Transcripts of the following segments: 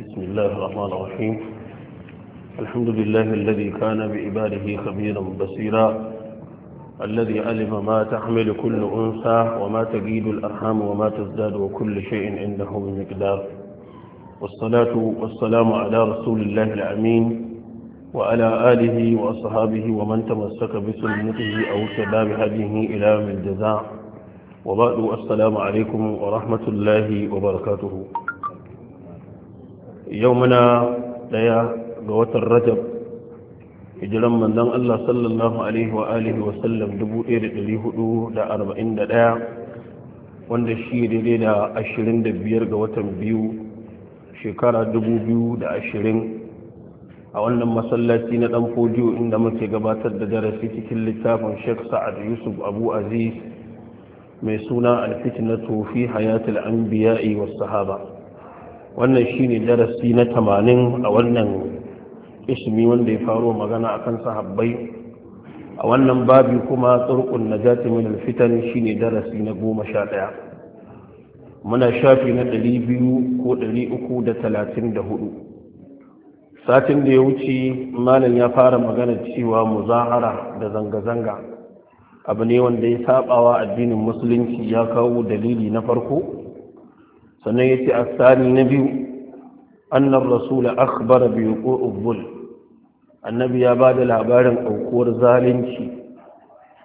بسم الله الرحمن الرحيم الحمد لله الذي كان بعباده خبيرا بصيرا الذي علم ما تحمل كل أنثى وما تجيد الأرحام وما تزداد وكل شيء عنده بمقدار والصلاة والسلام على رسول الله الأمين وعلى آله وأصحابه ومن تمسك بسنته أو شباب هديه إلى من جزاء وبعد السلام عليكم ورحمة الله وبركاته yau muna daya ga watan rajab hijiran manzon Allah sallallahu alaihi wa alihi wa sallam 1441 wanda shi daidai da biyar ga watan biyu shekara 2020 a wannan masallaci na dan fojiyo inda muke gabatar da darasi cikin littafin Sheikh Sa'ad Yusuf Abu Aziz mai suna al-fitnatu fi hayatil anbiya'i was sahaba wannan shine darasi na tamanin a wannan ismi wanda ya faro magana akan sahabbai a wannan babi kuma turqun najati min alfitan shine darasi na goma sha ɗaya. muna shafi na ɗari biyu ko ɗari uku da talatin da hudu satin da ya wuce malam ya fara magana cewa muzahara da zanga-zanga abu ne wanda ya sabawa addinin musulunci ya kawo dalili na farko sannan ya ce asali na biyu annar rasula akhbara biyu ko bul annabi ya ba da labarin aukuwar zalunci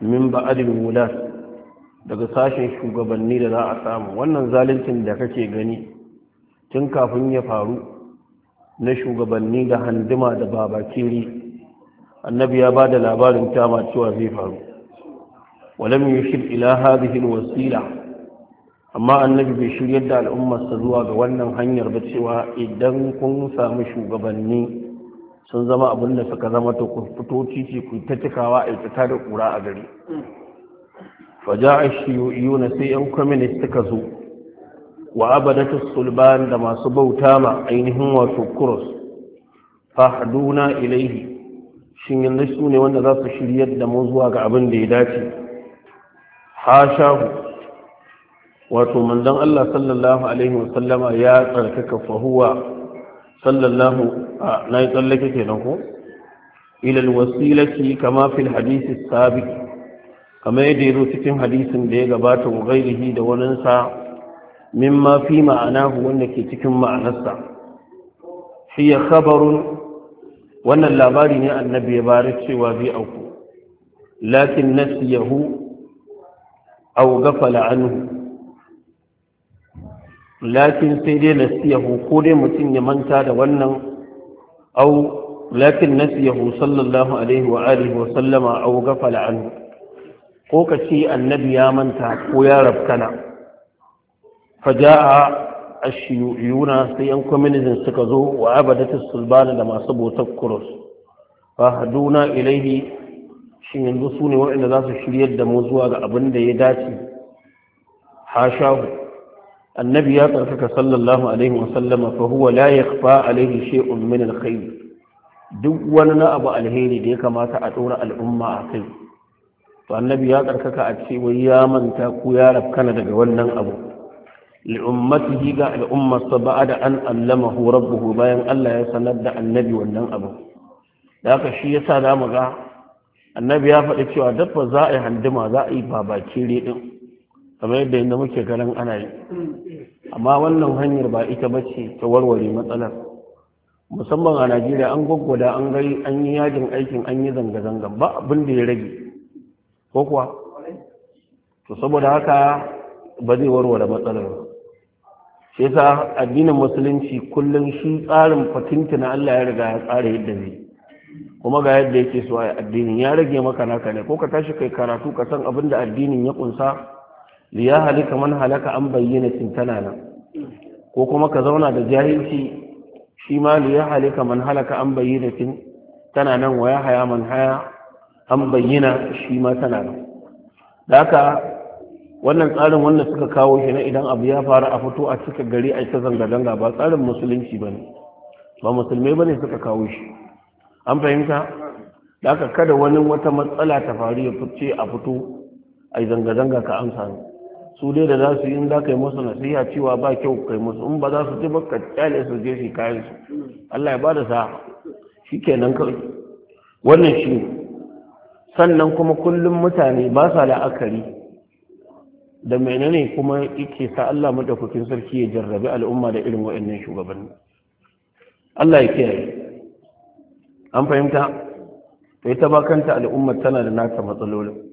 min ba'adil wulat daga sashen shugabanni da za a samu wannan zaluncin da kake gani tun kafin ya faru na shugabanni da handuma da babakiri annabi ya ba da labarin tama cewa zai faru walam yushir ila hadhihi alwasila amma annabi bai shiryar da al'ummarsa zuwa ga wannan hanyar ba cewa idan kun samu shugabanni sun zama abin da suka zama to ku fito titi ku ta cikawa a fita da kura a gari faja'a shiyu na sai yan communist suka zo wa abadatu sulban da masu bauta ma ainihin wato kuros Haduna ilaihi shin yanzu su ne wanda za su shiryar da mu zuwa ga abin da ya dace shahu. wato manzon Allah sallallahu alaihi wasallama ya tsarkaka fahuwa sallallahu na yi tsallake kenan ko ilal wasilati kama fil hadisi sabiq kama ya yazo cikin hadisin da ya gabata wa gai da waninsa mimma fi ma'anahu wanda ke cikin ma'anarsa hiya khabarun wannan labari ne annabi ya bari cewa bi auku lakin nasiyahu aw ghafala anhu lakin sai dai nasiyahu ko dai mutum ya manta da wannan au lakin nasiyahu sallallahu alaihi wa alihi wa sallama au gafala an ko ka ce annabi ya manta ko ya rabkana? rafkana faja'a ashiyuna sai yan communism suka zo wa abadatu sulbana da masu botar kuros. fa haduna ilaihi shin yanzu sune ne waɗanda za su shiryar da mu zuwa ga abin da ya dace hashahu annabi ya tsarkaka sallallahu alaihi wasallama fa huwa la yakhfa alaihi shay'un min alkhair duk wani na abu alheri da ya kamata a ɗora al'umma a kai to annabi ya tsarkaka a ce wai ya manta ku ya rafkana daga wannan abu li'ummatihi ga al'ummarsa ba'ada an allamahu rabbuhu bayan Allah ya sanar da annabi wannan abu da haka shi yasa da ga annabi ya faɗi cewa dabba za a yi handuma za a yi babakire din kamar yadda inda muke ganin ana yi amma wannan hanyar ba ita ba ce ta warware matsalar musamman a najeriya an gwaggwada an gari an yi yajin aikin an yi zanga-zanga ba abin da ya rage ko kuwa to saboda haka ba zai warware matsalar ba shi yasa addinin musulunci kullum shi tsarin fatinta na Allah ya riga ya tsara yadda zai kuma ga yadda yake so a addinin ya rage maka naka ne ko ka tashi kai karatu ka san abin da addinin ya kunsa liya halika man halaka an bayyana tana nan ko kuma ka zauna da jahilci shi ma liya halika man halaka an bayyana tana nan wa ya haya man haya an bayyana shi ma tana nan da haka wannan tsarin wanda suka kawo shi na idan abu ya faru a fito a cika gari a ta zanga-zanga ba tsarin musulunci ba ne ba musulmai ba ne suka kawo shi an fahimta da haka kada wani wata matsala ta faru ya fice a fito a zanga-zanga ka amsa ne su dai da za su yi in za ka yi musu nasiha cewa ba kyau kai musu in ba za su ce ba ka kyale su je shi kayan su Allah ya bada sa shi kenan kawai wannan shi sannan kuma kullum mutane ba sa la'akari da menene kuma yake sa Allah madaukakin sarki ya jarrabi al'umma da irin wa'annan shugabanni Allah ya kiyaye an fahimta to ita ba kanta al'ummar tana da nata matsalolin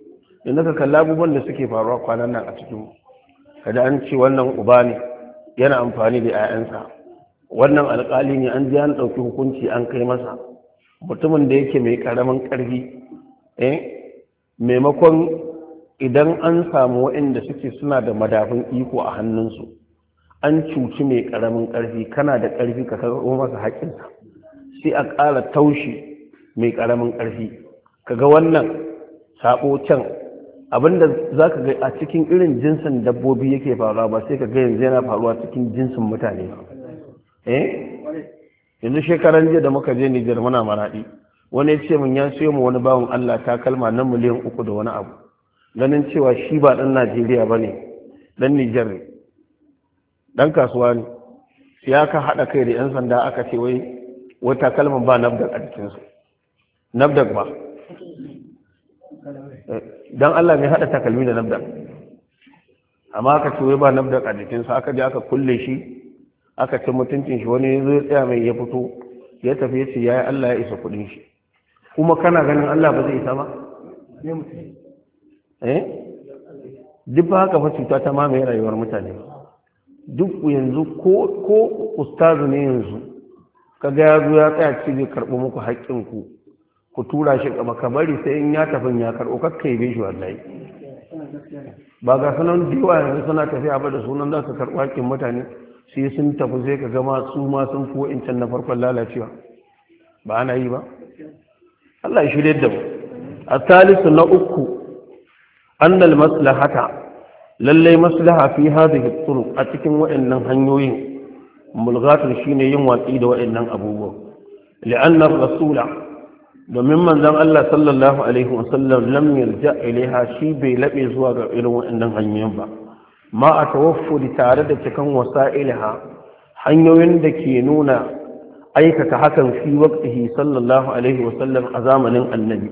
in ka kalla abubuwan da suke faruwa kwanan nan a cikin kada an ce wannan uba ne yana amfani da 'ya'yansa wannan alƙali ne an ji an ɗauki hukunci an kai masa mutumin da yake mai ƙaramin ƙarfi eh maimakon idan an samu waɗanda suke suna da madafin iko a hannunsu an cuci mai ƙaramin ƙarfi kana da ƙarfi ka karɓo masa haƙƙinsa sai a ƙara taushi mai karamin ƙarfi kaga wannan sabo can abinda za ka ga a cikin irin jinsin dabbobi yake faruwa ba sai ka ga yanzu yana faruwa cikin jinsin mutane eh yanzu shekaran jiya da muka je Nijar muna maraɗi wani ya ce min ya siyo mu wani bawan Allah takalma na miliyan uku da wani abu ganin cewa shi ba ɗan Najeriya ba ne ɗan ne ɗan kasuwa ne ya ka haɗa kai da 'yan sanda aka ce wai wata ba nabdar a jikinsu Nabdar ba don Allah mai haɗa takalmi da nabda amma aka ce ba nabda a jikinsa aka je aka kulle shi aka ci mutuncin shi wani zai tsaya mai ya fito ya tafi ya ce ya yi Allah ya isa kuɗin shi kuma kana ganin Allah ba zai isa ba eh duk ba haka fa cuta ta mamaye rayuwar mutane duk yanzu ko ko ustazu ne yanzu kaga ya zo ya tsaya ce zai karɓi muku haƙƙinku ku tura shi gaba ka bari sai in ya tafi ya karɓo kakka yi shi wallahi ba ga sanan diwa yanzu suna tafiya ba da sunan za su karɓa hakkin mutane sai sun tafi sai ka gama su ma sun fi wa'incan na farkon lalacewa ba ana yi ba Allah ya shirye da mu a talisu na uku annal maslahata lallai maslaha fi hadhihi turuq a cikin wa'annan hanyoyin mulghatun shine yin watsi da wa'annan abubuwa li'anna rasula domin manzon Allah sallallahu alaihi wasallam lam yarja ilaiha shi bai labe zuwa ga irin waɗannan hanyoyin ba ma a tawaffuli tare da cikan wasa'ilaha hanyoyin da ke nuna aikata hakan fi waqtihi sallallahu alaihi wasallam a zamanin annabi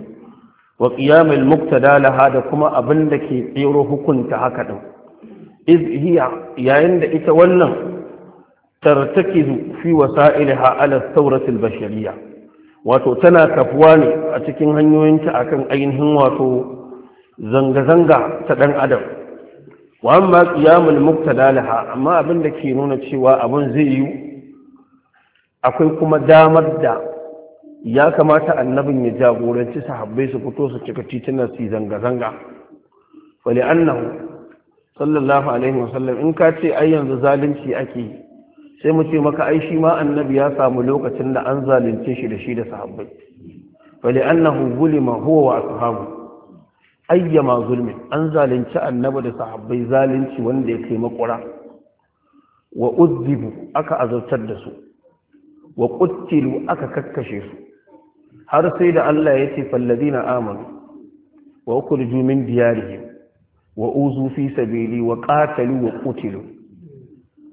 wa qiyamul muqtada laha da kuma abin da ke tsero hukunta haka din iz hiya yayin da ita wannan tartakizu fi wasa'ilaha ala thawratil bashariyah wato tana kafuwa ne a cikin hanyoyinta kan ainihin wato zanga-zanga ta ɗan adam wa amma qiyamul laha amma abin da ke nuna cewa abin zai yi akwai kuma damar da ya kamata annabin ya jagoranci sahabbai su fito su cika titunan su zanga-zanga wali annahu sallallahu alaihi wasallam in ka ce ai yanzu zalunci ake sai mu ce maka ai shi ma annabi ya samu lokacin da an zalunce shi da shi da sahabbai wali annahu zulima huwa wa ashabu ma zulmi an zalunci annabi da sahabbai zalunci wanda ya kai makura wa uzzibu aka azabtar da su wa qutilu aka kakkashe su har sai da Allah ya ce falladina amanu wa ukhruju min diyarihim wa uzu fi sabili wa qatalu wa qutilu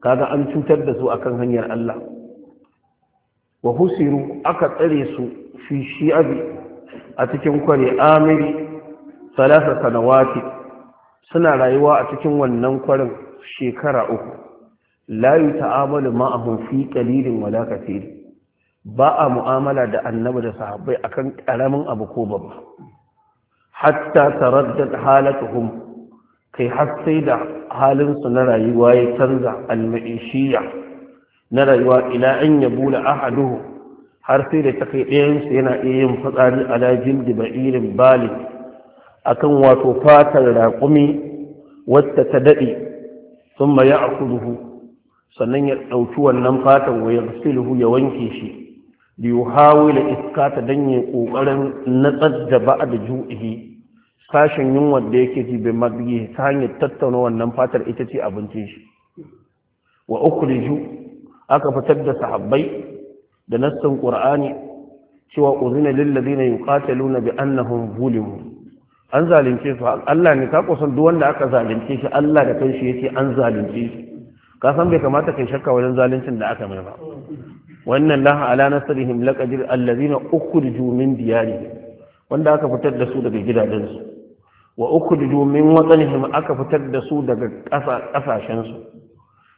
kaga an cutar da su akan hanyar Allah wa husiru aka tsare su fi shi'abi a cikin kware amiri salasa sanawati suna rayuwa a cikin wannan kwarin shekara uku la ta'amalu ma'ahun fi kalilin wala ba a mu'amala da annabi da sahabbai akan karamin abu ko babba hatta taraddad halatuhum kai har sai da halinsu na rayuwa ya canza almaishiya na rayuwa ila an ya bula ahaduhu har sai da ta kai ɗayansu yana iya yin fitsari ala da ba'irin bali akan wato fatar raƙumi wadda ta daɗe sun a ya akuduhu sannan ya ɗauki wannan fatan wa ya ya wanke shi biyu da iska ta danye ƙoƙarin na da ba'a da ju'ihi sashen yunwar da yake ji bai maggi ta hanyar tattauna wannan fatar ita ce abincin shi wa ukhriju aka fitar da sahabbai da nassin ƙur'ani cewa uzina lil ladina yuqataluna bi annahum zulimu an zalunce su Allah ne ka kusan duk wanda aka zalunce shi Allah da kanshi ce an zalunce shi ka san bai kamata kai shakka wajen zaluncin da aka mai ba wannan laha ala nasrihim laqadir alladhina ukhriju min diyari. wanda aka fitar da su daga gidajensu wa da min watanihim aka fitar da su daga kasashen su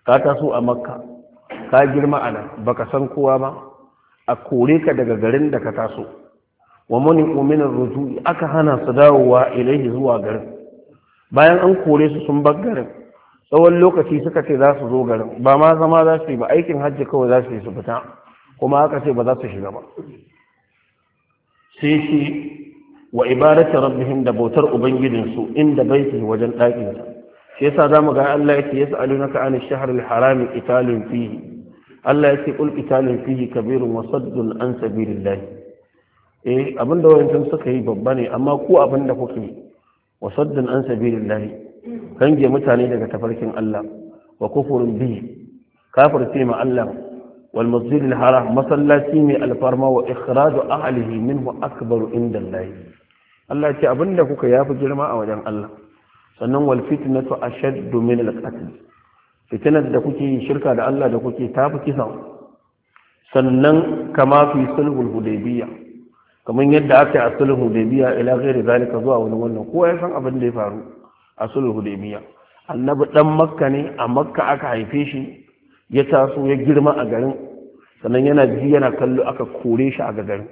ka taso a makka ka girma a nan baka san kowa ba a kore ka daga garin da ka taso wa muni uminar ruju'i aka hana su dawowa ilaihi zuwa garin bayan an kore su sun bar garin tsawon lokaci suka ce za su zo garin ba ma zama za su yi ba aikin hajji kawai za su yi su fita kuma aka ce ba za su shiga ba sai shi wa ibadati rabbihim da bautar su inda baiti wajen ɗakin sa shi yasa zamu ga Allah yake yas'alunaka an ash-shahr al-harami qitalun fihi Allah yake qul qitalun fihi kabirun wa saddun an sabilillah eh abinda wayancan suka yi babba ne amma ku abinda kuke wa saddun an sabilillah kange mutane daga tafarkin Allah wa kufurun bihi kafir ma Allah wal masjidil masallaci mai alfarma wa ikhraju ahlihi minhu akbaru inda Allah ce abinda kuka yafi girma a wajen Allah sannan wal fitnatu ashaddu min al qatl fitnar da kuke shirka da Allah da kuke tafi kisa sannan kama fi sulhul hudaybiyya kamar yadda aka yi a sulhul hudaybiyya ila ghairi zalika zuwa wani wannan kowa ya san abin da ya faru a sulhu hudaybiyya annabi dan makka ne a makka aka haife shi ya taso ya girma a garin sannan yana ji yana kallo aka kore shi a garin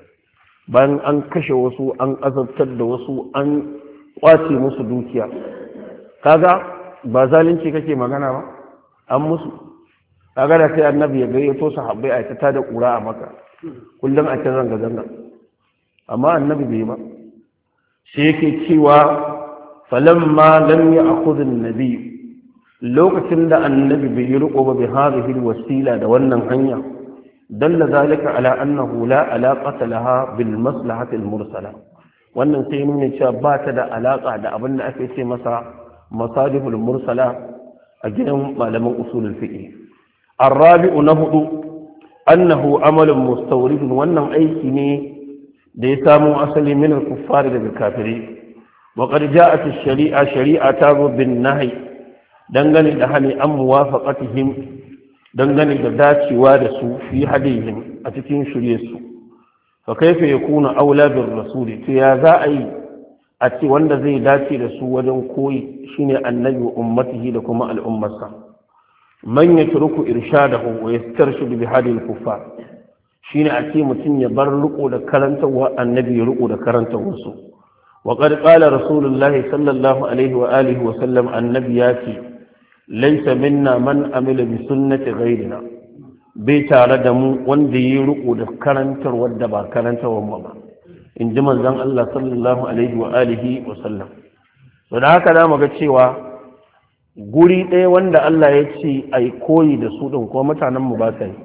bayan an kashe wasu an azabtar da wasu an kwace musu dukiya kaga ba zalunci kake magana ba an musu kaga da sai annabi ya gayyato sahabbai a ta da kura a maka kullum a ta zanga zanga amma annabi bai ba sai yake cewa falamma lam ya'khudh an-nabi lokacin da annabi bai riko ba bi hadhihi wasila da wannan hanya dalla zalika ala annahu la alaqata laha bil maslahati al mursala wannan sai nuna cewa ba ta da alaka da abin da ake ce masa masalihul mursala a gidan malaman usulul fiqh الرابع نهض أنه عمل مستورد وأنه أيكني ديسام أصلي من الكفار بالكافرين وقد جاءت الشريعة شريعة بالنهي دنغني لهني أم موافقتهم dangane da dacewa da su fi hadihim a cikin shirye su fa kaifa yakuna aula bir rasuli to ya za a yi a ce wanda zai dace da su wajen koyi shine annabi wa ummatihi da kuma al'ummarsa man yatruku irshadahu wa yastarshidu bi hadil kuffar shine a ce mutum ya bar riko da karantarwa annabi ya riko da karantarwa su wa qad qala rasulullahi sallallahu alaihi wa alihi wa sallam annabi ya ce laisa minna man amila bi sunnati ghayrina bai tare da mu wanda yi riko da karantar wadda ba karantarwa mu ba in ji manzon Allah sallallahu alaihi wa alihi wa sallam to da haka zamu ga cewa guri ɗaya wanda Allah ya ce ai koyi da su din ko mutanen mu ba sai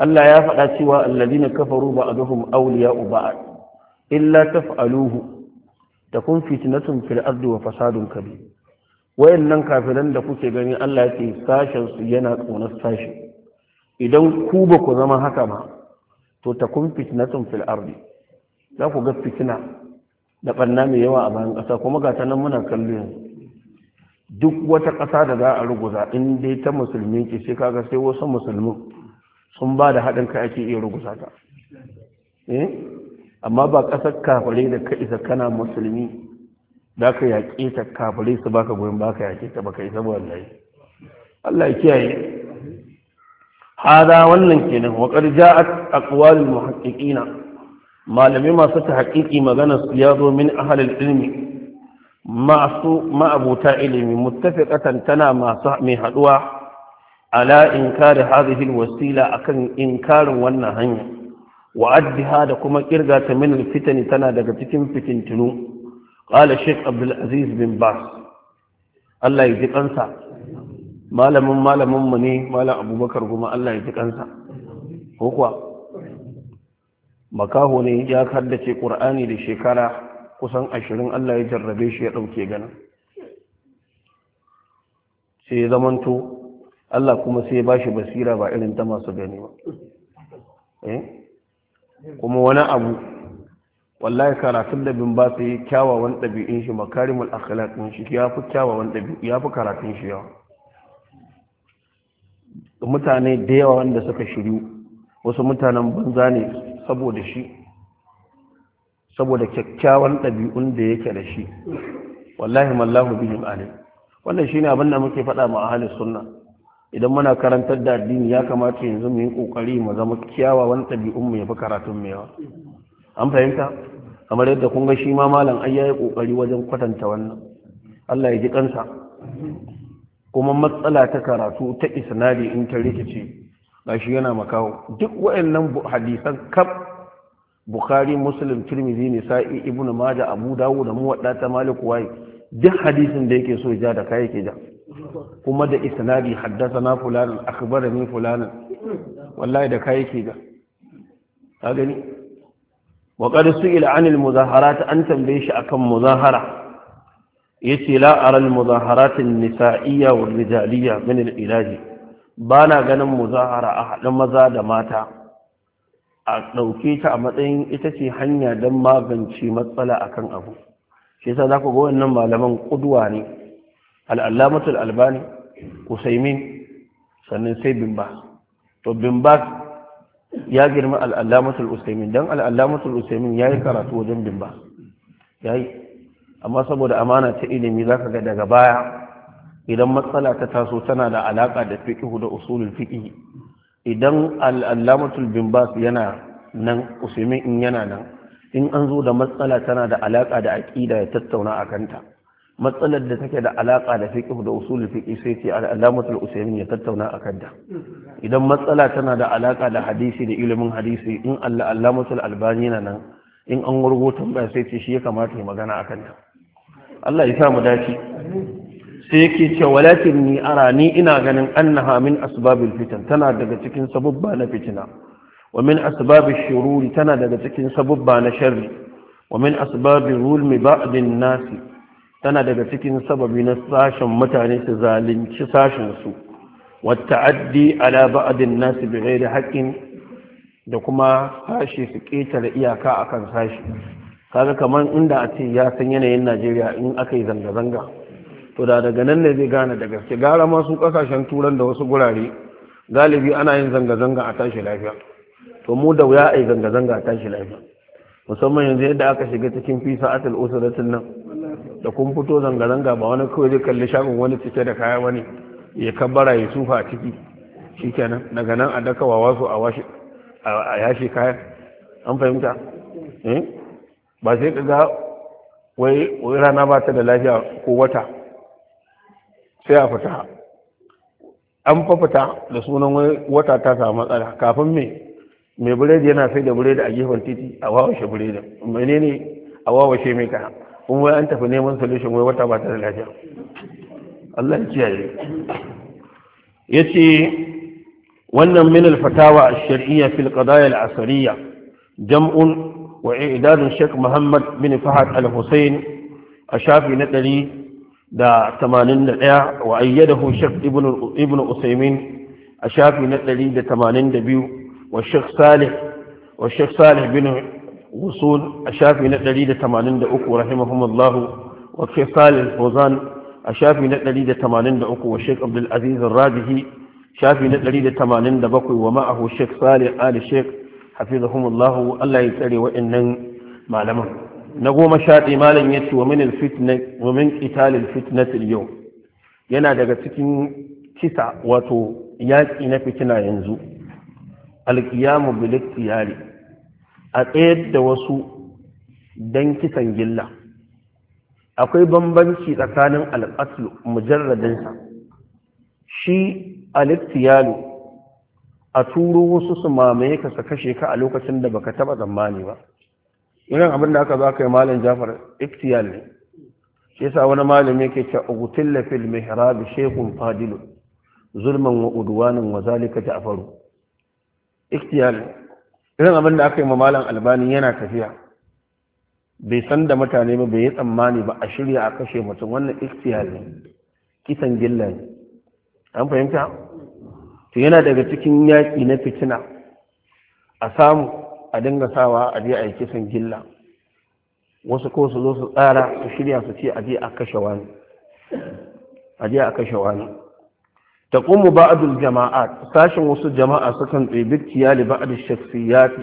Allah ya faɗa cewa alladina kafaru ba'duhum awliya'u ba'd illa taf'aluhu takun fitnatun fil ardi wa fasadun kabir wayannan kafiran da kuke gani Allah ya ce sashen su yana tsonar sashi idan ku ba ku zama haka ba to ta kun fitnatun fil ardi za ku ga fitina da ɓanna mai yawa a bayan ƙasa kuma ga nan muna kallo yanzu duk wata ƙasa da za a ruguza in dai ta musulmi ce sai kaga sai wasu musulmi sun ba da haɗin kai ake iya ruguza ta eh? amma ba ƙasar kafare da ka isa kana musulmi da ka yaƙe ta kafirai su baka goyon baka yaƙe ta baka yi saboda wallahi Allah ya kiyaye hada wannan kenan wa qad ja'at muhaqqiqina malamai masu ta haƙiƙi magana su ya zo min ahalil ilmi masu ma'abuta ilimi muttafiqatan tana masu mai haduwa ala inkari hadhihi alwasila akan inkarin wannan hanya wa addiha da kuma kirga ta min fitani tana daga cikin fitintunu ƙala sheik abdulaziz bin bas allah ya ji kansa malamin malaminmu ne malam abubakar kuma allah ya ji kansa ko kuwa makaho ne ya haddace ƙur'ani da shekara kusan ashirin allah ya jarrabe shi ya ɗauke ganin sai ya zamanto allah kuma sai ya ba shi basira ba irin ta masu gani ba kuma wani abu wallahi karatun da bin ba su yi kyawawan ɗabi'in shi makarimul akhlaqin shi ya fi kyawawan ɗabi'in ya fi karatun shi yawa mutane da yawa wanda suka shiru wasu mutanen banza ne saboda shi saboda kyakkyawan ɗabi'un da yake da shi wallahi mallahu bihim alim wannan shine abin da muke faɗa ma ahli sunna idan muna karantar da addini ya kamata yanzu mu yi kokari mu zama kyawawan ɗabi'un mu fi karatun mu yawa an fahimta kamar yadda kun ga shi ma malam ai yayi kokari wajen kwatanta wannan Allah ya ji kansa kuma matsala ta karatu ta isnadi in ta rikice gashi yana makawo duk wayannan hadisan kab bukhari muslim tirmidhi nisa'i ibn majah abu dawud da muwadda ta malik wai duk hadisin da yake so ja da kai yake ja kuma da isnadi haddathana fulan akhbarani fulan wallahi da kai yake ga ka gani wa qad su'ila 'anil muzaharat an tambaye shi akan muzahara yace ce ara al nisa'iyya wa rijaliyya min al ba bana ganin muzahara a haɗin maza da mata a ɗauke ta a matsayin ita ce hanya don magance matsala akan abu shi yasa za ku ga wannan malaman ƙudwa ne al'allamatul albani usaimin sannan sai bimba. to bimbas ya girma al'allamatul usaimin don al'allamatul usaimin ya yi karatu wajen bimba ya yi amma saboda amana ta ilimi za ka ga daga baya idan matsala ta taso tana da alaƙa da fiƙihu da usulul fiƙihi idan al'allamatul bimba yana nan usaimin in yana nan in an zo da matsala tana da alaƙa da aƙida ya tattauna a kanta matsalar da take da alaƙa da fiqh da usul fiqh sai ce al-alamat usaymin ya tattauna akan da idan matsala tana da alaka da hadisi da ilimin hadisi in Allah alamat al-albani na nan in an wargo tambaya sai ce shi ya kamata ya magana akan ta Allah ya sa mu dace sai yake cewa walakin ni ara ni ina ganin annaha min asbabil fitan tana daga cikin sababba na fitina wa min asbabish shururi tana daga cikin sababba na sharri wa min asbabir rulmi ba'din nasi tana daga cikin sababi na sashen mutane su zalunci sashensu wata addi ala ba'adin nasu bi da haƙƙin da kuma hashe su ƙetare iyaka akan sashi kaga kamar inda a ce ya san yanayin najeriya in aka yi zanga-zanga to da daga nan ne zai gane da gaske gara masu ƙasashen turan da wasu gurare galibi ana yin zanga-zanga a tashi lafiya to mu da wuya a yi zanga-zanga a tashi lafiya musamman yanzu yadda aka shiga cikin fisa atal usuratin nan da kun fito zanga-zanga ba wani kawai zai kalli shagon wani cike da kaya wani ya kabbara ya sufa a ciki kenan daga nan a daka wawa su a yashe kaya an fahimta eh? ba sai ka ga wai rana ba ta da lafiya ko wata sai a fita an fafita da sunan wai wata ta samu matsala kafin me mai biredi yana sai da biredi a gefen titi a wawashe biredi. menene a wawashe mai kaya kuma wai an tafi neman solution wai wata ba ta da lafiya Allah ya kiyaye yace wannan min al-fatawa ash-shar'iyya fil qadaya al-asriyya jam'un wa i'dad Sheikh Muhammad bin Fahad al-Husayn a shafi na da 181 wa ayyadahu Sheikh Ibn Ibn Usaymin a shafi na 182 wa Sheikh Salih wa Sheikh Salih bin وصول الشافعي نتدليل تمانين دعوكو رحمهم الله وكفال الفوزان الشافعي نتدليل تمانين دعوكو والشيخ عبد العزيز الراجهي شافعي نتدليل تمانين دبكو ومعه الشيخ صالح آل الشيخ حفظهم الله الله يتري وإنن معلمه نقوم شاتي مالا يتي ومن الفتنة ومن قتال الفتنة اليوم ينا دقتكين kisa wato yaƙi na fitina yanzu alƙiyamu bil ikhtiyari a tsayar da wasu don kisan gilla akwai bambanci tsakanin mujarradin mujarradinsa shi aliktiyalu a turo wasu su mamaye ka sa kashe ka a lokacin da baka taba tsammani ba irin abin da aka za ka yi malam jafar iktiyal ne shi yasa wani malin yake ce ugutilla mai harabi shekun fadilu zulman wa uduwanin wa zalika ja'faru iktiyal irin abin da aka yi malam albani yana tafiya bai san da mutane ba bai yi tsammani ba a shirya a kashe mutum wannan ikhtiyar ne kisan gilla ne an fahimta to yana daga cikin yaƙi na fitina a samu a dinga sawa a je a yi kisan gilla wasu ko su zo su tsara su shirya su ce a je a je a kashe wani taqumu ba'dul jama'at sashin wasu jama'a sukan tsibi tiyali ba'd shakhsiyat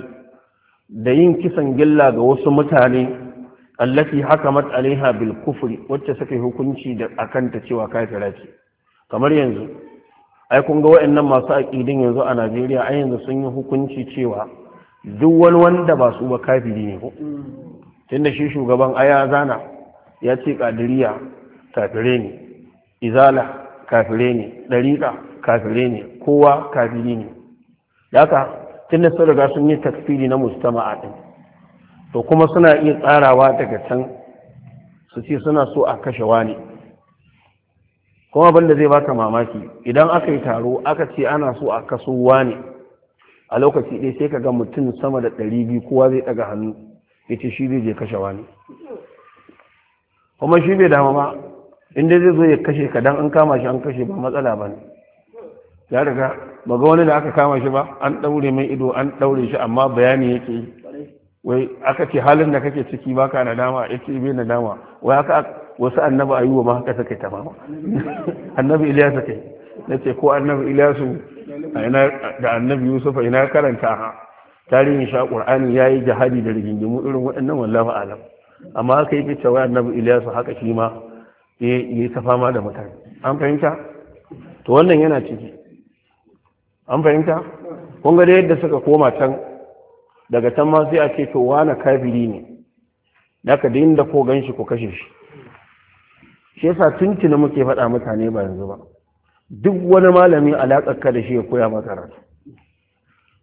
da yin kisan gilla ga wasu mutane allati haka alaiha bil kufri wacce suka hukunci da akanta cewa kafira ce kamar yanzu ai kun ga wayannan masu aqidin yanzu a Najeriya an yanzu sun yi hukunci cewa duk wani wanda ba su ba kafiri ko tunda shi shugaban aya zana ya ce kadiriya kafire ne izala kafire ne ɗariƙa kafire ne kowa kafiri ne haka tun da sun riga sun yi takfiri na mustama'a ɗin to kuma suna iya tsarawa daga can su ce suna so a kashe wani kuma banda zai baka mamaki idan aka yi taro aka ce ana so a kaso wani a lokaci ɗaya sai ka ga mutum sama da ɗari biyu kowa zai ɗaga hannu ya ce shi zai je kashe wani kuma shi bai dama inda zai zo ya kashe ka dan an kama shi an kashe ba matsala ba ne ya riga ba ga wani da aka kama shi ba an ɗaure mai ido an ɗaure shi amma bayani yake yi wai aka ce halin da kake ciki baka ka nadama ya ce bai nadama wai haka wasu annabi ayuwa ma haka suka ta mama annabi iliyasu kai na ce ko annabi iliyasu da annabi yusuf ina karanta ha tarihin sha qur'ani yayi jihadi da rigingimu irin waɗannan wallahi alam amma haka yake cewa annabi iliyasu haka shi ma ya yi ta fama da mutane an fahimta to wannan yana ciki an fahimta Kunga da yadda suka koma can daga can ma sai a ce to wani kafiri ne da ka da ko gan shi ko kashe shi shi yasa tuntuna muke faɗa mutane ba yanzu ba duk wani malami alaƙar ka da shi ya koya maka karatu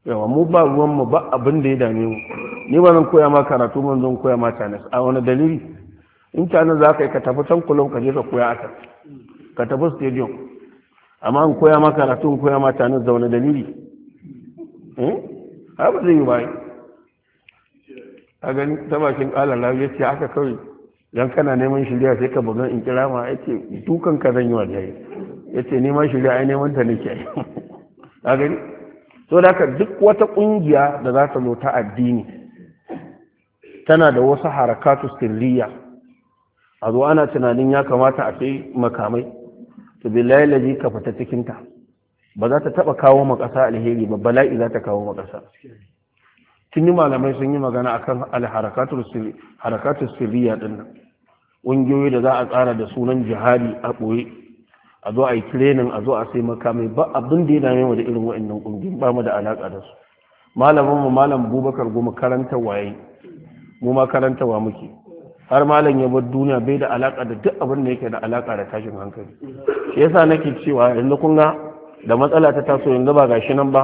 yawa mu ba ruwan mu ba abin da ya dame mu ni ba zan koya ma karatu ban zan koya ma tanis a wani dalili in ta nan za ka yi ka tafi can kulon ka je ka koya a can ka tafi stadium amma in koya ma karatu in koya ma nan zaune dalili ha eh? ba zai yi bayi a gani ta bakin ƙalar ya ce aka kawai don kana neman shirya sai ka bugan in kira ma ya ce dukan ka zan yi wa jayi ya ce neman shirya ai neman ta nake yi a gani so da haka duk wata ƙungiya da za ta zo ta addini tana da wasu harakatu sirriya a zuwa ana tunanin ya kamata a fi makamai to billahi laji ka fita cikin ta ba za ta taba kawo ma ƙasa alheri ba bala'i za ta kawo ma ƙasa tun yi malamai sun yi magana akan alharakatul sirriya din nan ƙungiyoyi da za a tsara da sunan jihadi a ɓoye a zo a yi tirenin a zo a sai makamai ba abin da ya dame mu da irin wa'annan ƙungiyoyi ba mu da alaƙa da su malamin mu malam bubakar goma karanta waye? mu ma karantawa muke har malam ya bar duniya bai da alaka da duk abin da yake da alaka da tashin hankali shi yasa nake cewa yanzu kun ga da matsala ta taso yanzu ba gashi nan ba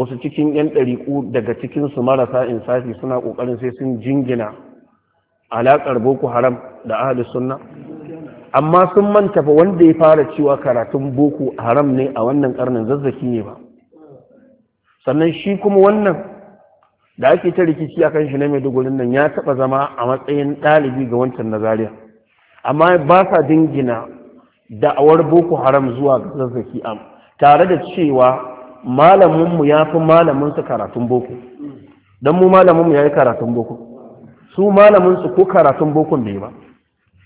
wasu cikin yan ɗariƙu daga cikin su marasa insafi suna ƙoƙarin sai sun jingina alaƙar boko haram da ahli sunna amma sun manta fa wanda ya fara cewa karatun boko haram ne a wannan karnin zazzaki ne ba sannan shi kuma wannan da ake ta rikici akan shi na dugurin nan ya taɓa zama a matsayin ɗalibi ga wancan na zaria amma ba sa dingina da'awar boko haram zuwa ga zazzaki am tare da cewa malaminmu ya fi malaminsu karatun boko don mu malaminmu ya yi karatun boko su malaminsu ko karatun bokon bai ba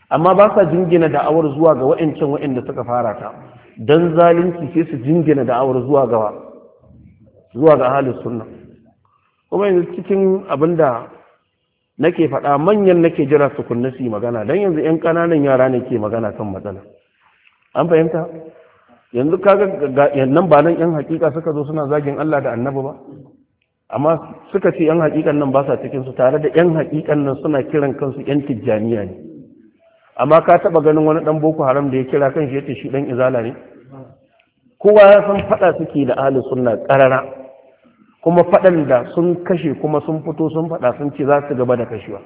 amma ba sa jingina da'awar zuwa ga wa'ancan wa'anda suka fara ta don zalunci sai su dingina da'awar zuwa ga zuwa ga halin sunan. kuma yanzu cikin abin da nake faɗa manyan nake jira su kunna su yi magana don yanzu 'yan ƙananan yara ne ke magana kan matsala an fahimta yanzu kaga nan ba nan 'yan hakika suka zo suna zagin Allah da annabi ba amma suka ce 'yan hakikan nan ba sa cikin su tare da 'yan hakikan nan suna kiran kansu 'yan tijjaniya ne amma ka taba ganin wani dan boko haram da ya kira kan shi ce shi dan izala ne kowa ya san faɗa suke da ahli sunna karara kuma faɗan da sun kashe kuma sun fito sun faɗa sun ce za su gaba da kashewa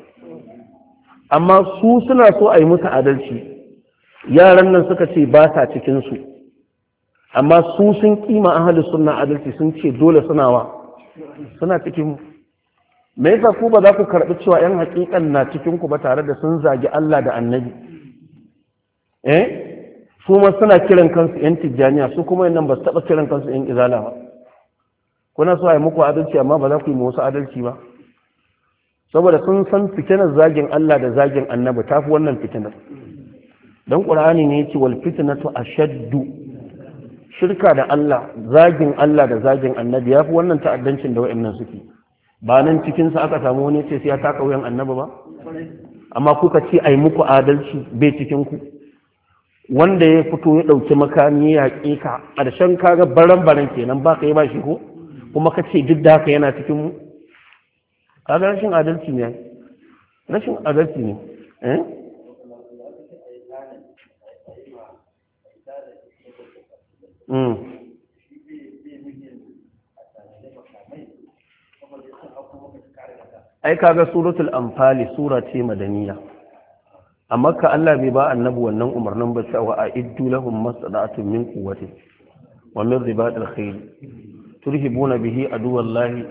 amma su suna so a yi musu adalci yaran nan suka ce ba sa cikinsu amma su sun kima ahli sunna adalci sun ce dole suna wa suna cikin me yasa ku ba za ku karɓi cewa yan hakikan na cikinku ba tare da sun zagi Allah da annabi eh su ma suna kiran kansu yan tijjaniya su kuma yannan ba su taɓa kiran kansu yan izala ba kuna so a yi muku adalci amma ba za ku yi wasu adalci ba saboda sun san fitinar zagin Allah da zagin annabi ta fi wannan fitinar don ƙur'ani ne ce wal a ashaddu shirka da Allah zagin Allah da zagin annabi ya fi wannan ta'addancin da nan suke ba nan cikin aka samu wani ce sai ya taka wuyan annabi ba amma kuka ce a yi muku adalci bai cikin ku wanda ya fito ya ɗauki makami ya yaƙe ka ƙarshen kaga baran baran kenan ba ka yi ba shi ko kuma ka ce duk da haka yana cikin mu kaga rashin adalci ne rashin adalci ne eh ai kaga suratul anfali sura ce madaniya amma ka Allah bai ba annabi wannan umarnin ba cewa a iddu lahum masada'atun min quwwati wa min ribatil khayl turhibuna bihi aduwallahi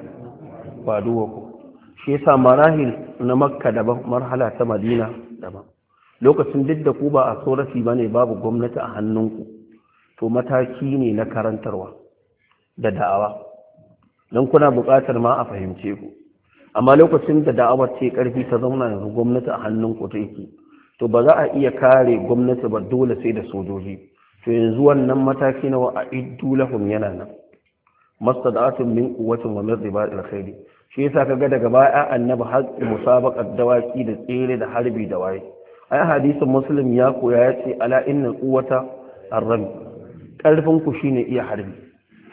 wa aduwakum shi yasa marahil na makka daban marhala ta madina daban lokacin duk da ku ba a tsorafi ba ne babu gwamnati a hannunku to mataki ne na karantarwa da da'awa don kuna buƙatar ma a fahimce ku amma lokacin da da'awar ce ƙarfi ta zauna yanzu gwamnati a hannunku ta yake to ba za a iya kare gwamnati ba dole sai da sojoji to yanzu wannan mataki na a iddu lahum yana nan mastada'atun min quwwatin wa min al khayl shi yasa kaga daga baya annabi har musabaqat dawaki da tsere da harbi da waye ai hadisin muslim ya koya ya ce ala inna quwwata arram karfin ku shine iya harbi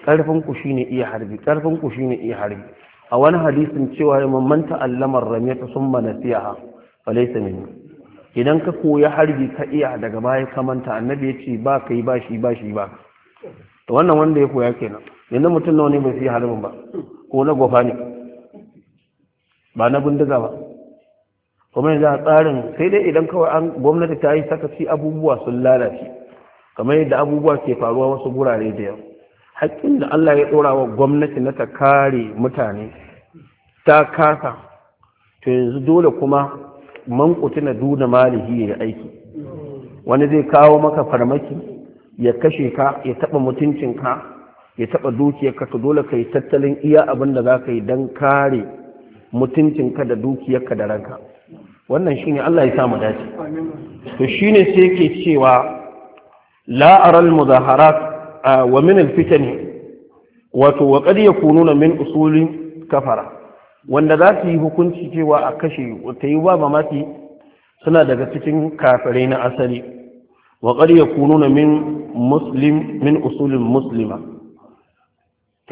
karfin ku shine iya harbi karfin ku shine iya harbi a wani hadisin cewa man ta'allama ar-ramiyata summa nasiha laysa min idan ka koya harbi ka iya daga baya ka manta annabi ya ce ba kai ba shi ba shi ba to wannan wanda ya koya kenan yanzu mutum nawa ne bai sai harbin ba ko na gofa ne ba na bindiga ba kuma yanzu a tsarin sai dai idan kawai an gwamnati ta yi sakaci abubuwa sun lalace kamar yadda abubuwa ke faruwa wasu gurare da yau haƙƙin da Allah ya ɗora wa gwamnati na ta kare mutane ta kasa to yanzu dole kuma mankuti na duna malihi ya aiki wani zai kawo maka farmaki ya kashe ka ya taɓa mutuncinka ya taɓa dukiyarka to dole ka yi tattalin iya abin da za ka yi don kare mutuncinka da dukiyarka da ranka wannan shine Allah ya samu dace to shine sai yake cewa la aral muzaharat wa min al fitani wato wa qad yakununa min usulin kafara wanda za su yi hukunci cewa a kashe ta yi ba mamaki suna daga cikin kafirai na asali wa qad yakununa min muslim min usulin muslima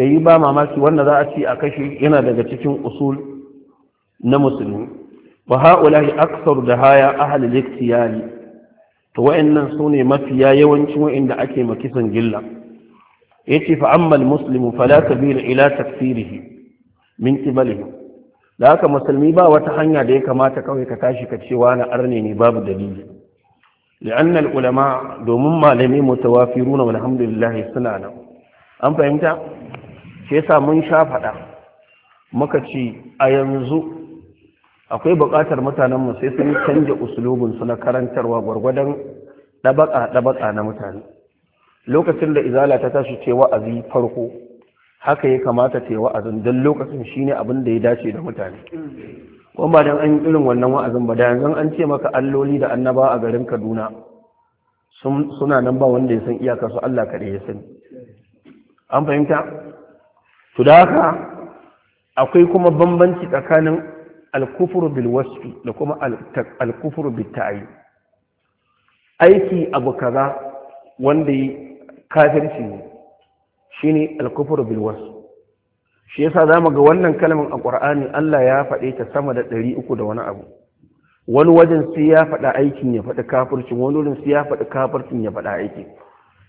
ta yi ba mamaki wanda za a ci a kashe yana daga cikin usul na musulmi wa ha'ulahi aksar da haya ahal liktiyali to wa'annan su ne mafiya yawancin wa'inda ake makisan gilla ce fa ammal muslimu fala sabila ila takfirihi min qibalihi da haka musulmi ba wata hanya da ya kamata kawai ka tashi ka ce wani arne ne babu dalili لأن العلماء دومما لم يتوافرون والحمد لله سنانا أم فهمت؟ shi yasa mun sha faɗa muka ce a yanzu akwai buƙatar mutanenmu sai sun canja usulubinsu na karantarwa gwargwadon ɗabaƙa-ɗabaƙa na mutane lokacin da izala ta tashi ce wa'azi farko haka ya kamata ce wa'azin don lokacin shine abin da ya dace da mutane kuma ba don an yi irin wannan wa'azin ba da yanzu an ce maka alloli da annaba a garin kaduna suna nan ba wanda ya san su allah kaɗai ya sani an fahimta to haka akwai kuma bambanci tsakanin alkufuru bil wasfi da kuma alkufuru bil ta'ayi aiki abu kaza wanda yi kafirci ne shine alkufuru bil wasfi shi yasa zamu ga wannan kalmar a Qur'ani Allah ya faɗe ta sama da 300 da wani abu wani wajen sai ya faɗa aikin ya faɗi kafircin wani wajen sai ya faɗi kafircin ya faɗa aikin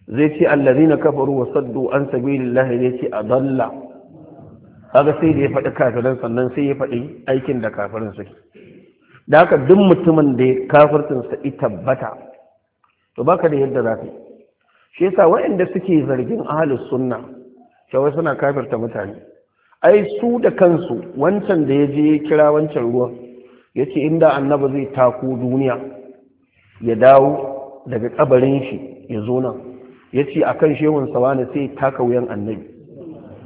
zai ce allazina kafaru wa saddu an sabilillahi zai ce adalla kaga sai da ya faɗi kafirin sannan sai ya faɗi aikin da kafirin suke da haka duk mutumin da kafirtinsa i tabbata to baka da yadda za ka yi shi yasa waɗanda suke zargin ahalus sunna cewa suna kafirta mutane ai su da kansu wancan da ya je kira wancan ruwan ya ce inda annaba zai taku duniya ya dawo daga kabarin shi ya zo nan ya ce a kan shehun sawa sai taka wuyan annabi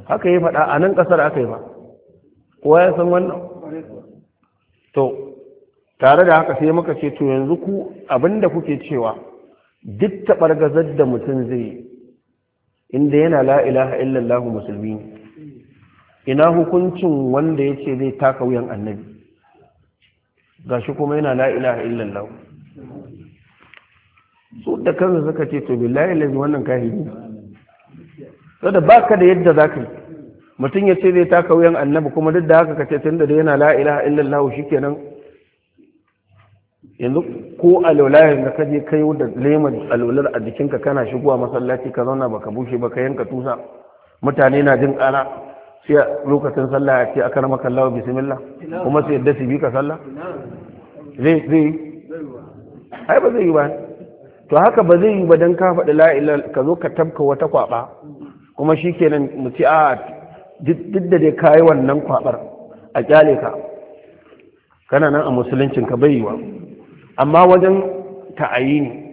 haka ya faɗa a nan ƙasar aka yi ba kowa ya san wannan to tare da haka sai maka ce to yanzu ku abinda kuke cewa duk taɓar gazar da mutum zai yi inda yana la'ilaha illallah musulmi ina hukuncin wanda ya ce zai taka wuyan annabi ga shi kuma yana la'ilaha illallah su da kansa suka ce to bi lalzi wannan kahiri saboda baka da yadda zaka yi mutum ya ce zai taka wuyan annabi kuma duk da haka ka ce tunda da yana la ilaha illallah shikenan yanzu ko laulayen da ka je kai da lemon alwalar a jikinka kana shigowa masallaci ka zauna baka bushe baka yanka tusa mutane na jin kara sai lokacin sallah ya ce aka rama kallawa bismillah kuma sai yadda su bi ka sallah zai zai ai ba zai yi ba to haka ba zai yi ba dan ka faɗi la ilaha ka zo ka tabka wata kwaba kuma shi kenan mu ci a duk da dai kayi wannan kwabar a kyale ka kana nan a musuluncin ka bai yiwa amma wajen ne.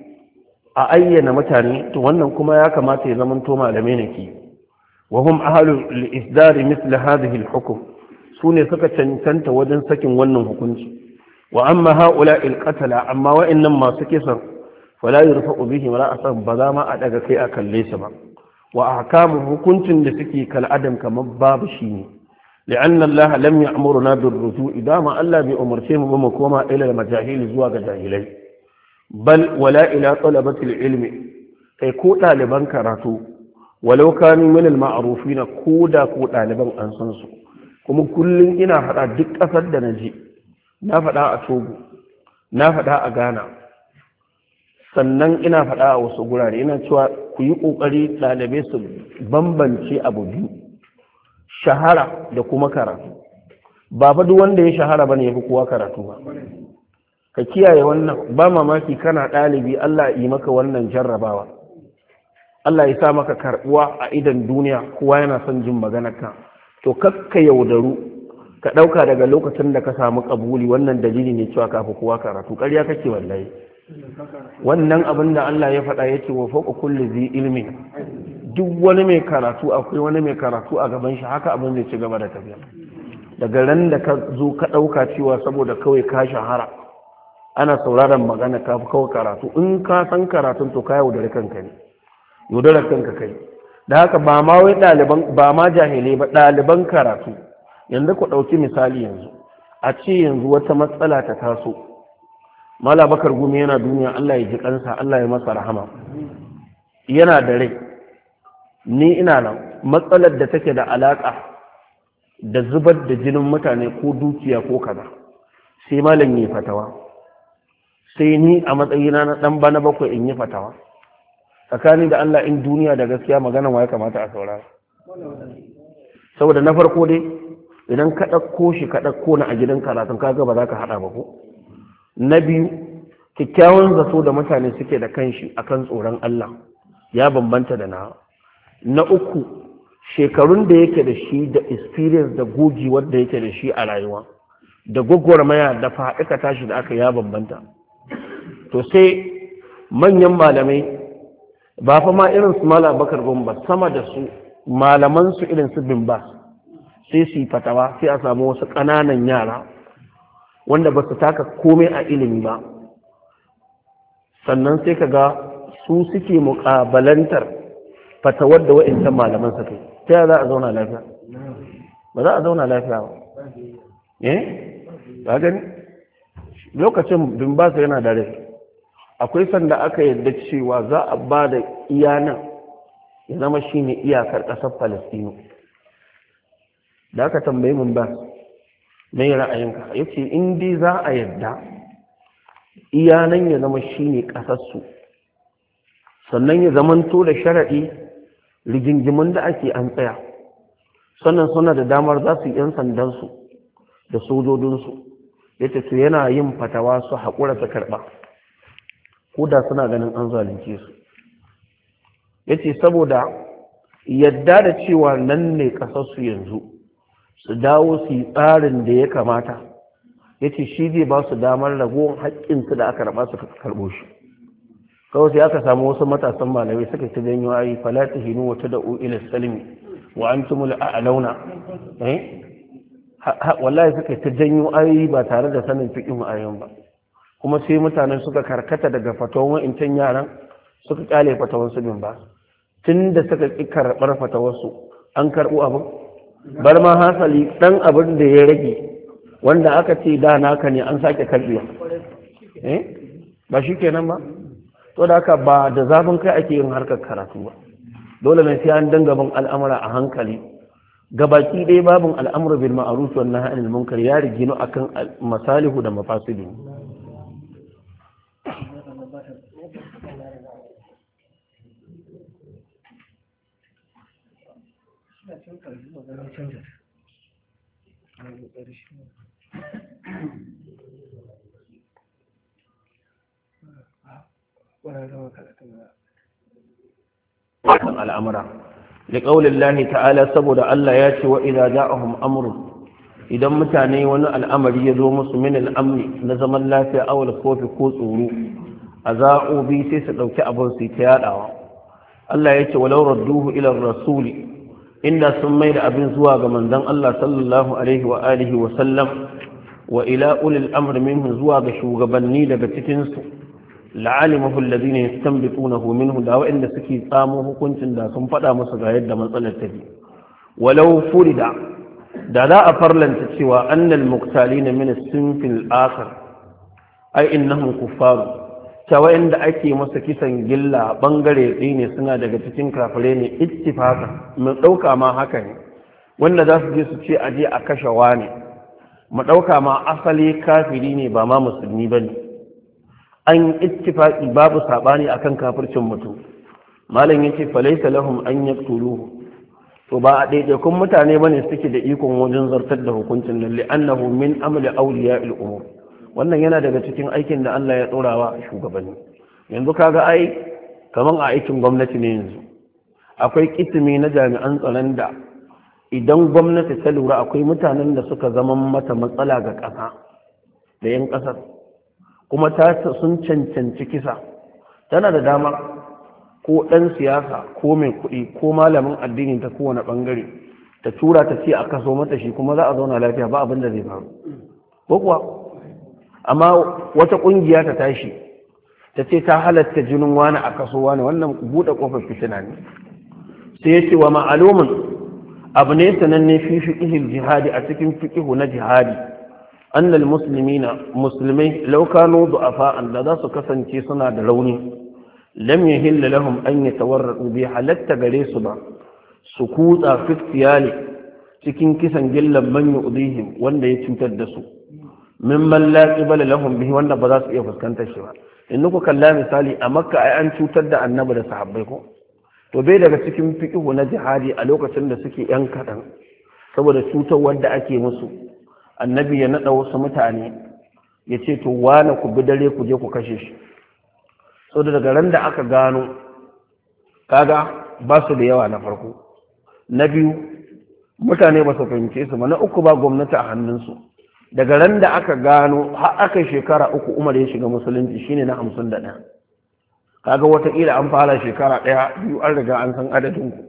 a ayyana mutane to wannan kuma ya kamata ya zama malamai ne ki wa hum ahlu al-isdar misl hadhihi al sune suka cancanta wajen sakin wannan hukunci wa amma haula al amma wa'annan masu kisan fala yurfa'u bihi wala asan ba za ma a daga kai a kalle su ba wa ahkamun hukuncin da suke kal adam kamar babu shi ne لأن الله لم يأمرنا بالرجوع دام الله بأمرتهم بمكوما إلى المجاهيل زواج جاهلين بل ولا إلى طلبة العلم أي كوتا لبن كراتو ولو كانوا من المعروفين كودا كوتا لبن أنسانسو كم كل إنا فدا دك أفد نجي نافدا أتوب نافدا أغانا sannan ina faɗa a wasu gurare ina cewa ku yi ƙoƙari ɗalibai su bambance abu biyu shahara da kuma karatu ba fa duk wanda ya shahara bane yafi kowa karatu ba ka kiyaye wannan ba mamaki kana ɗalibi Allah yi maka wannan jarrabawa Allah ya sa maka karbuwa a idan duniya kowa yana son jin maganar ka to kakka yaudaru ka ɗauka daga lokacin da ka samu ƙabuli wannan dalili ne cewa kafi kowa karatu ƙarya kake wallahi wannan abin da Allah ya faɗa yake wa fauka kulli zi ilmi duk wani mai karatu akwai wani mai karatu a gaban shi haka abin zai ci gaba da tafiya daga ran da ka zo ka ɗauka cewa saboda kawai ka shahara ana sauraron magana ka fi kawai karatu in ka san karatun to ka yaudare kanka ne yaudare kanka kai da haka ba ma wai ɗaliban ba ma jahilai ba ɗaliban karatu yanzu ku ɗauki misali yanzu a ce yanzu wata matsala ta taso mala bakar gumi yana duniya Allah ya ji kansa Allah ya masa rahama yana da rai ni ina nan matsalar da take da alaka da zubar da jinin mutane ko dukiya ko kaza sai malam yi fatawa sai ni a matsayina na dan bana bakwai in yi fatawa tsakani da Allah in duniya da gaskiya magana wa ya kamata a saurara saboda na farko dai idan ka ɗauko shi ka ɗauko na a gidan karatun kaga ba za ka haɗa ba ko na biyu kyakkyawan zato da mutane suke da kanshi akan tsoron Allah ya bambanta da nawa na uku shekarun da yake da shi da experience da goji wadda yake da shi a rayuwa da maya da fa'ika tashi da aka ya bambanta to sai manyan malamai ba fa ma irin su mala bakar ba sama da su malaman irin su bin sai su yi fatawa sai a samu wasu ƙananan yara wanda ba su taka komai a ilimi ba sannan sai ka ga su suke muƙabalantar fatawar da wa'incan malaman su kai ta yaya za a zauna lafiya ba za a zauna lafiya ba eh ba gani lokacin bin ba yana da akwai sanda aka yarda cewa za a ba da iyanan ya zama shine iyakar ƙasar falastinu da aka tambayi mun ba mai ra'ayinka ya ce in dai za a yadda iyanan ya zama shi ne ƙasarsu sannan ya zamanto da sharaɗi rigingimin da ake an tsaya sannan suna da damar za su yi 'yan sandansu da sojojinsu ya ce su yana yin fatawa su haƙura ta karɓa ko da suna ganin an zalunce su ya ce saboda yadda da cewa nan ne ƙasarsu yanzu su dawo su yi tsarin da ya kamata ya ce shi zai ba su damar ragowar haƙƙinsu da aka raba su karɓo shi kawai sai aka samu wasu matasan malamai suka ta janyo yi falata hinu wata da ila salmi wa an tumul a'launa eh? wallahi suka ta janyo ayoyi ba tare da sanin fiƙin ayon ba kuma sai mutanen suka karkata daga fatawan wa'intan yaran suka kyale fatawan su bin ba tun da suka ƙi karɓar fatawarsu an karɓo abin bar ma hasali ɗan abin da ya rage wanda aka ce da naka ne an sake eh ba shi kenan ba to da haka ba da zafin kai ake yin harkar karatu ba dole ne sai an danga ban al'amura a hankali gabaki ɗaya babin al'amura bil ma'ruf wan nahyi anil munkar ya rigino akan masalihu da mafasidu al'amura da ƙaunin lahi ta'ala saboda Allah ya ce wa'iza za'ahun amuru idan mutane wani al'amari ya zo musu min al'amni na zaman lafiya awal kofi ko tsoro a za'obi sai su ɗauki abin su ta yaɗawa Allah ya ce walau radduhu ilar rasuli inda sun mai da abin zuwa ga manzon Allah sallallahu alaihi wa alihi wa sallam wa ila ulil amr minhu zuwa ga shugabanni daga cikin su la'alimahu alladhina yastanbitunahu minhu da wa'inda suke tsamo hukuncin da sun faɗa musu ga yadda matsalar ta walau furida da za a farlanta cewa annal muqtalina min as-sinfil akhar ay innahum kuffaru ta wayanda ake masa kisan gilla bangare ne suna daga cikin kafire ne ittifaka mu ɗauka ma haka ne wanda za su je su ce aje a kashe ne. mu ɗauka ma asali kafiri ne ba ma musulmi bane ne an ittifaki babu saɓani akan kafircin mutum malam yace laysa lahum an yaqtuluhu to ba a daidai kun mutane bane suke da ikon wajen zartar da hukuncin lalle annahu min amali awliya al-umur wannan yana daga cikin aikin da Allah ya ɗorawa shugabanni yanzu kaga ai kaman a aikin gwamnati ne yanzu akwai kitimi na jami'an tsaron da idan gwamnati ta lura akwai mutanen da suka zama mata matsala ga ƙasa da 'yan ƙasar kuma ta sun cancanci kisa tana da dama, ko ɗan siyasa ko mai kuɗi ko malamin addini ta kowane ɓangare ta tura ta ce a kaso mata shi kuma za a zauna lafiya ba abin da zai faru ko kuwa amma wata ƙungiya ta tashi ta ce ta halatta jinin wani a kaso wani wannan buɗe ƙofar fitina ne sai ya ce wa ma'alumin abu ne sananne fi jihadi a cikin fiƙihu na jihadi annal musulmina musulmai laukano du'afa'an da za su kasance suna da rauni lam hilla lahum an yatawarradu bai halatta gare su ba su kutsa fiftiyali cikin kisan gillan man yu'dihim wanda ya cutar da su mimman la qibala lahum bihi wanda ba za su iya fuskantar shi ba in nuku kalla misali a makka ai an cutar da annabi da sahabbai ko to bai daga cikin fiqhu na jihadi a lokacin da suke yan kadan saboda cutar wanda ake musu annabi ya nada wasu mutane ya ce to wani ku bi dare ku je ku kashe shi saboda daga ran da aka gano kaga ba su da yawa na farko na biyu mutane ba su fahimce su ba na uku ba gwamnati a hannunsu daga ran da aka gano har aka shekara uku umar ya shiga musulunci shine na hamsin da ɗaya kaga wataƙila an fara shekara ɗaya biyu an riga an san adadin ku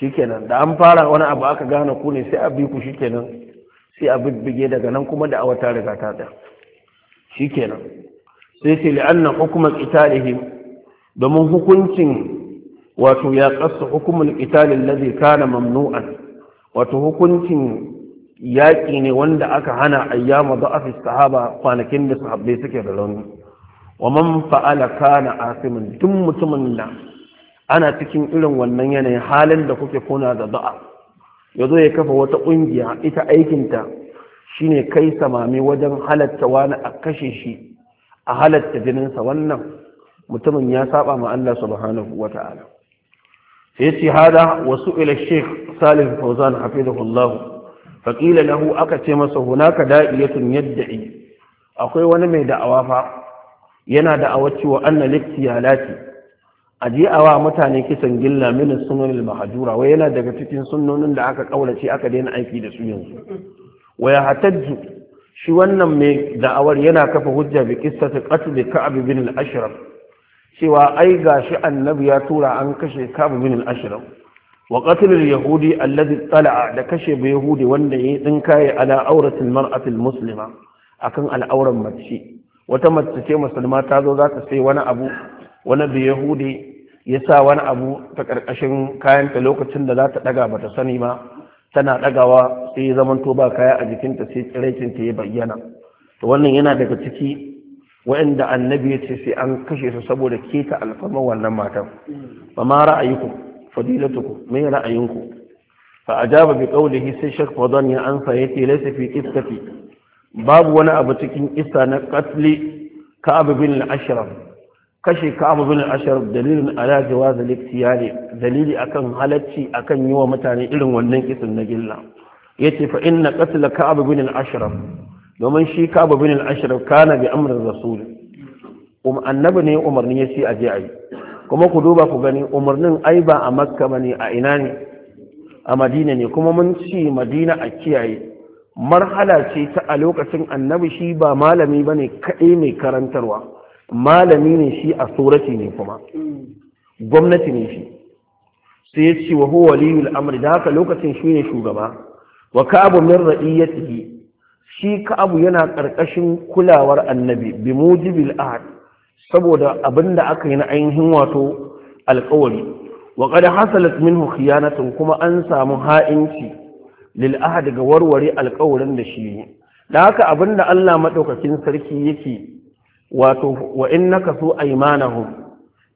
shikenan da an fara wani abu aka gane ku ne sai a bi ku shikenan sai a bibbige daga nan kuma da awata riga ta ɗaya shikenan sai ce li'anna hukumar qitalihim domin hukuncin wato ya qassa hukumul qitalil ladhi kana mamnu'an wato hukuncin yaƙi ne wanda aka hana ayyama da sahaba kwanakin da sahabbai suke da rauni wa man fa'ala kana asimin duk mutumin da ana cikin irin wannan yanayin halin da kuke kuna da da'a ya zo ya kafa wata ƙungiya ita aikinta shine kai samami wajen halatta wani a kashe shi a halatta jininsa wannan mutumin ya saba ma Allah subhanahu wa ta'ala sai ce hada wasu ila sheikh salih fauzan hafizahullahu faƙila lahu aka ce masa hunaka da'iyatun yadda'i akwai wani mai da'awa fa yana da'awa cewa anna liktiyalati a je awa mutane kisan gilla minin sunanin mahjura wai yana daga cikin sunnonin da aka kaulace aka daina aiki da su yanzu waya hatajju shi wannan mai da'awar yana kafa hujja bi qissati qatl ka'ab bin al-ashraf cewa ai gashi annabi ya tura an kashe ka'ab bin al-ashraf wa qatlul yahudi alladhi tala'a da kashe ba yahudi wanda ya tsinkaye ala auratil mar'atil muslima akan al'aurar mace wata mace ce musulma ta zo za ta sai wani abu wani da yahudi ya sa wani abu ta karkashin kayanta lokacin da za ta daga sani ba tana dagawa sai zamanto ba kaya a jikinta sai tsiraicinta ya bayyana to wannan yana daga ciki wa'anda annabi ya ce sai an kashe su saboda keta alfarma wannan matan ba ma ra'ayikum fadilatuku me ra'ayinku fa ajaba bi qawlihi sai shek fadan ya ansa yace laysa fi qiftati babu wani abu cikin qista na qatli ka'ab bin al kashe ka'ab bin al dalilin ala jawaz al dalili akan halacci akan yi wa mutane irin wannan kisan na gilla yace fa inna qatla ka'ab bin al-ashraf domin shi ka'ab bin al-ashraf kana bi amrin rasul um annabi ne umarni yace aje ayi kuma ku duba ku gani umarnin ai ba a makka ba ne a ina ne a madina ne kuma mun ci madina a kiyaye marhala ce ta a lokacin annabi shi ba malami ba ne kaɗai mai karantarwa malami ne shi a surati ne kuma gwamnati ne shi sai ya ce wa huwa waliyul amri da haka lokacin shi ne shugaba wa ka'abu min ra'iyatihi shi ka'abu yana karkashin kulawar annabi bi mujibil ahad saboda abinda aka yi na ainihin wato alkawari wa qad hasalat minhu khiyanatun kuma an samu ha'inci lil ahad ga warware alkawarin da shi da haka abinda Allah madaukakin sarki yake wato wa innaka su aymanahum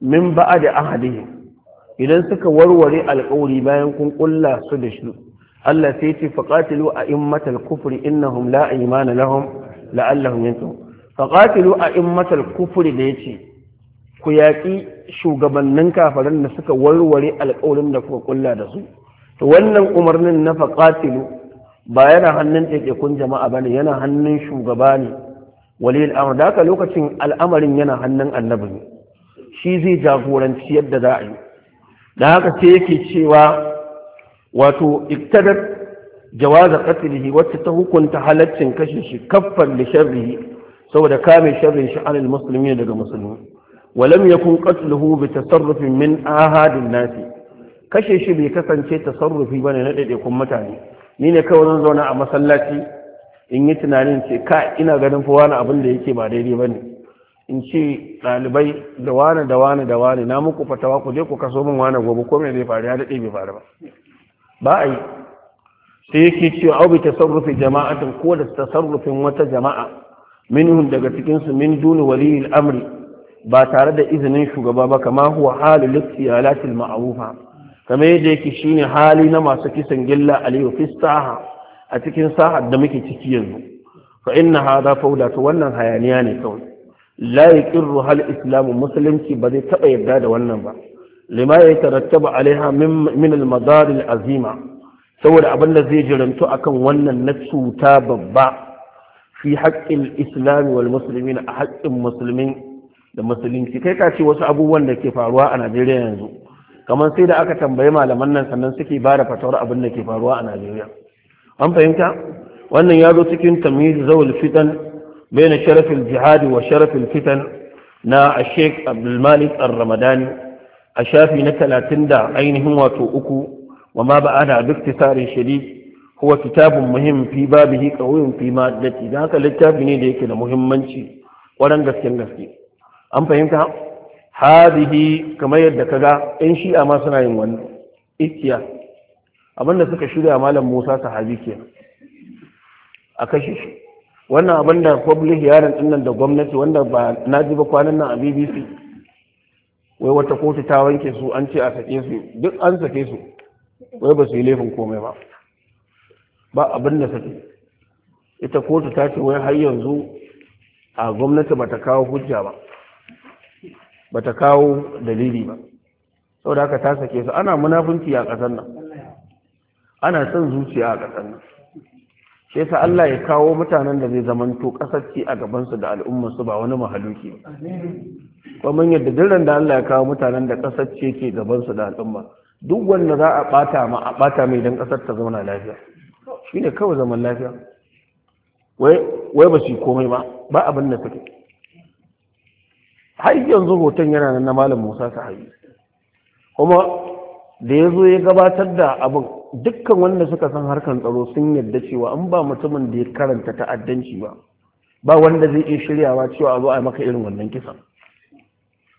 min ba'd ahadihim idan suka warware alkawari bayan kun kulla su da shi Allah sai ce faqatilu a'immatal kufri innahum la aymana lahum la'allahum yantahu faƙatilu a in matal kufuri da ya ce ku yaƙi shugabannin kafarin da suka warware alƙawarin da kuka kulla da su to wannan umarnin na faƙatilu ba yana hannun ɗaiɗaikun jama'a ba ne yana hannun shugaba ne wali al'amur da haka lokacin al'amarin yana hannun annabi ne shi zai jagoranci yadda za a yi da haka sai yake cewa wato iktadar jawaza qatlihi wacce ta hukunta halaccin kashe shi kaffar li sharrihi saboda kame sharrin shi anil musulmi daga musulmi walam yakun qatluhu bi tasarrufin min ahadin nasi kashe shi bai kasance tasarrufi bane na daidaikun mutane ni ne kawai zan zauna a masallaci in yi tunanin ce ka ina ganin fa wani abin da yake ba daidai bane in ce ɗalibai da wani da wani da wani na muku fatawa ku je ku kaso min wani gobe ko me zai faru ya dade bai faru ba ba a yi sai yake cewa au bi tasarrufi jama'atin ko da tasarrufin wata jama'a minhum daga cikinsu min duni waliyin amri ba tare da izinin shugaba ba kama huwa halin lifsiyalatil ma'arufa kamar yadda yake shine hali na masu kisan gilla aliyu fi a cikin sahar da muke ciki yanzu fa inna hada fauda to wannan hayaniya ne kawai la yaqirru hal islamu musulunci ba zai taɓa yarda da wannan ba lima ya tarattaba alaiha min al madar al azima saboda abin da zai jirantu akan wannan na cuta babba fi haƙƙin islami wal musulmin a haƙƙin musulmin da musulunci kai ka ce wasu abubuwan da ke faruwa a najeriya yanzu kamar sai da aka tambayi malaman nan sannan suke ba da fatawar abin da ke faruwa a najeriya an fahimta wannan ya zo cikin tamyiz zawul fitan na sharafin jihadi wa sharafin fitan na a shek abdulmalik ar-ramadani a shafi na talatin da ainihin wato uku wa ma ba'ada a duk tisarin shadid huwa kitabun muhim fi babihi qawiyun fi maddati dan haka littafi ne da yake da muhimmanci waran gaske gaske an fahimta hadihi kamar yadda ka ga. in shi'a ma suna yin wannan ikkiya abinda suka shirya malam Musa sahabi ke a kashe shi wannan abin da public yaron din da gwamnati wanda ba na ji ba kwanan nan a BBC wai wata kotu ta wanke su an ce a sake su duk an sake su wai ba su yi laifin komai ba ba abin da suke ita kotu ta ce wai har yanzu a gwamnati ba ta kawo hujja ba ba ta kawo dalili ba saboda haka ta sake su ana munafunci a ƙasar nan ana son zuciya a ƙasar nan sai sa Allah ya kawo mutanen da zai zamanto ƙasar ci a gabansu da al'ummarsu ba wani mahaluki ba kuma mun yadda duk da Allah ya kawo mutanen da ƙasarci ke gabansu da al'umma duk wanda za a ɓata ma a ɓata mai don ƙasar ta zauna lafiya shi ne kawai zaman lafiya wai ba su komai ba ba abin da fito har yanzu hoton yana nan na malam musa ta sahabi kuma da ya zo ya gabatar da abin dukkan wanda suka san harkar tsaro sun yarda cewa an ba mutumin da ya karanta ta'addanci ba ba wanda zai iya shiryawa cewa a zo a maka irin wannan kisan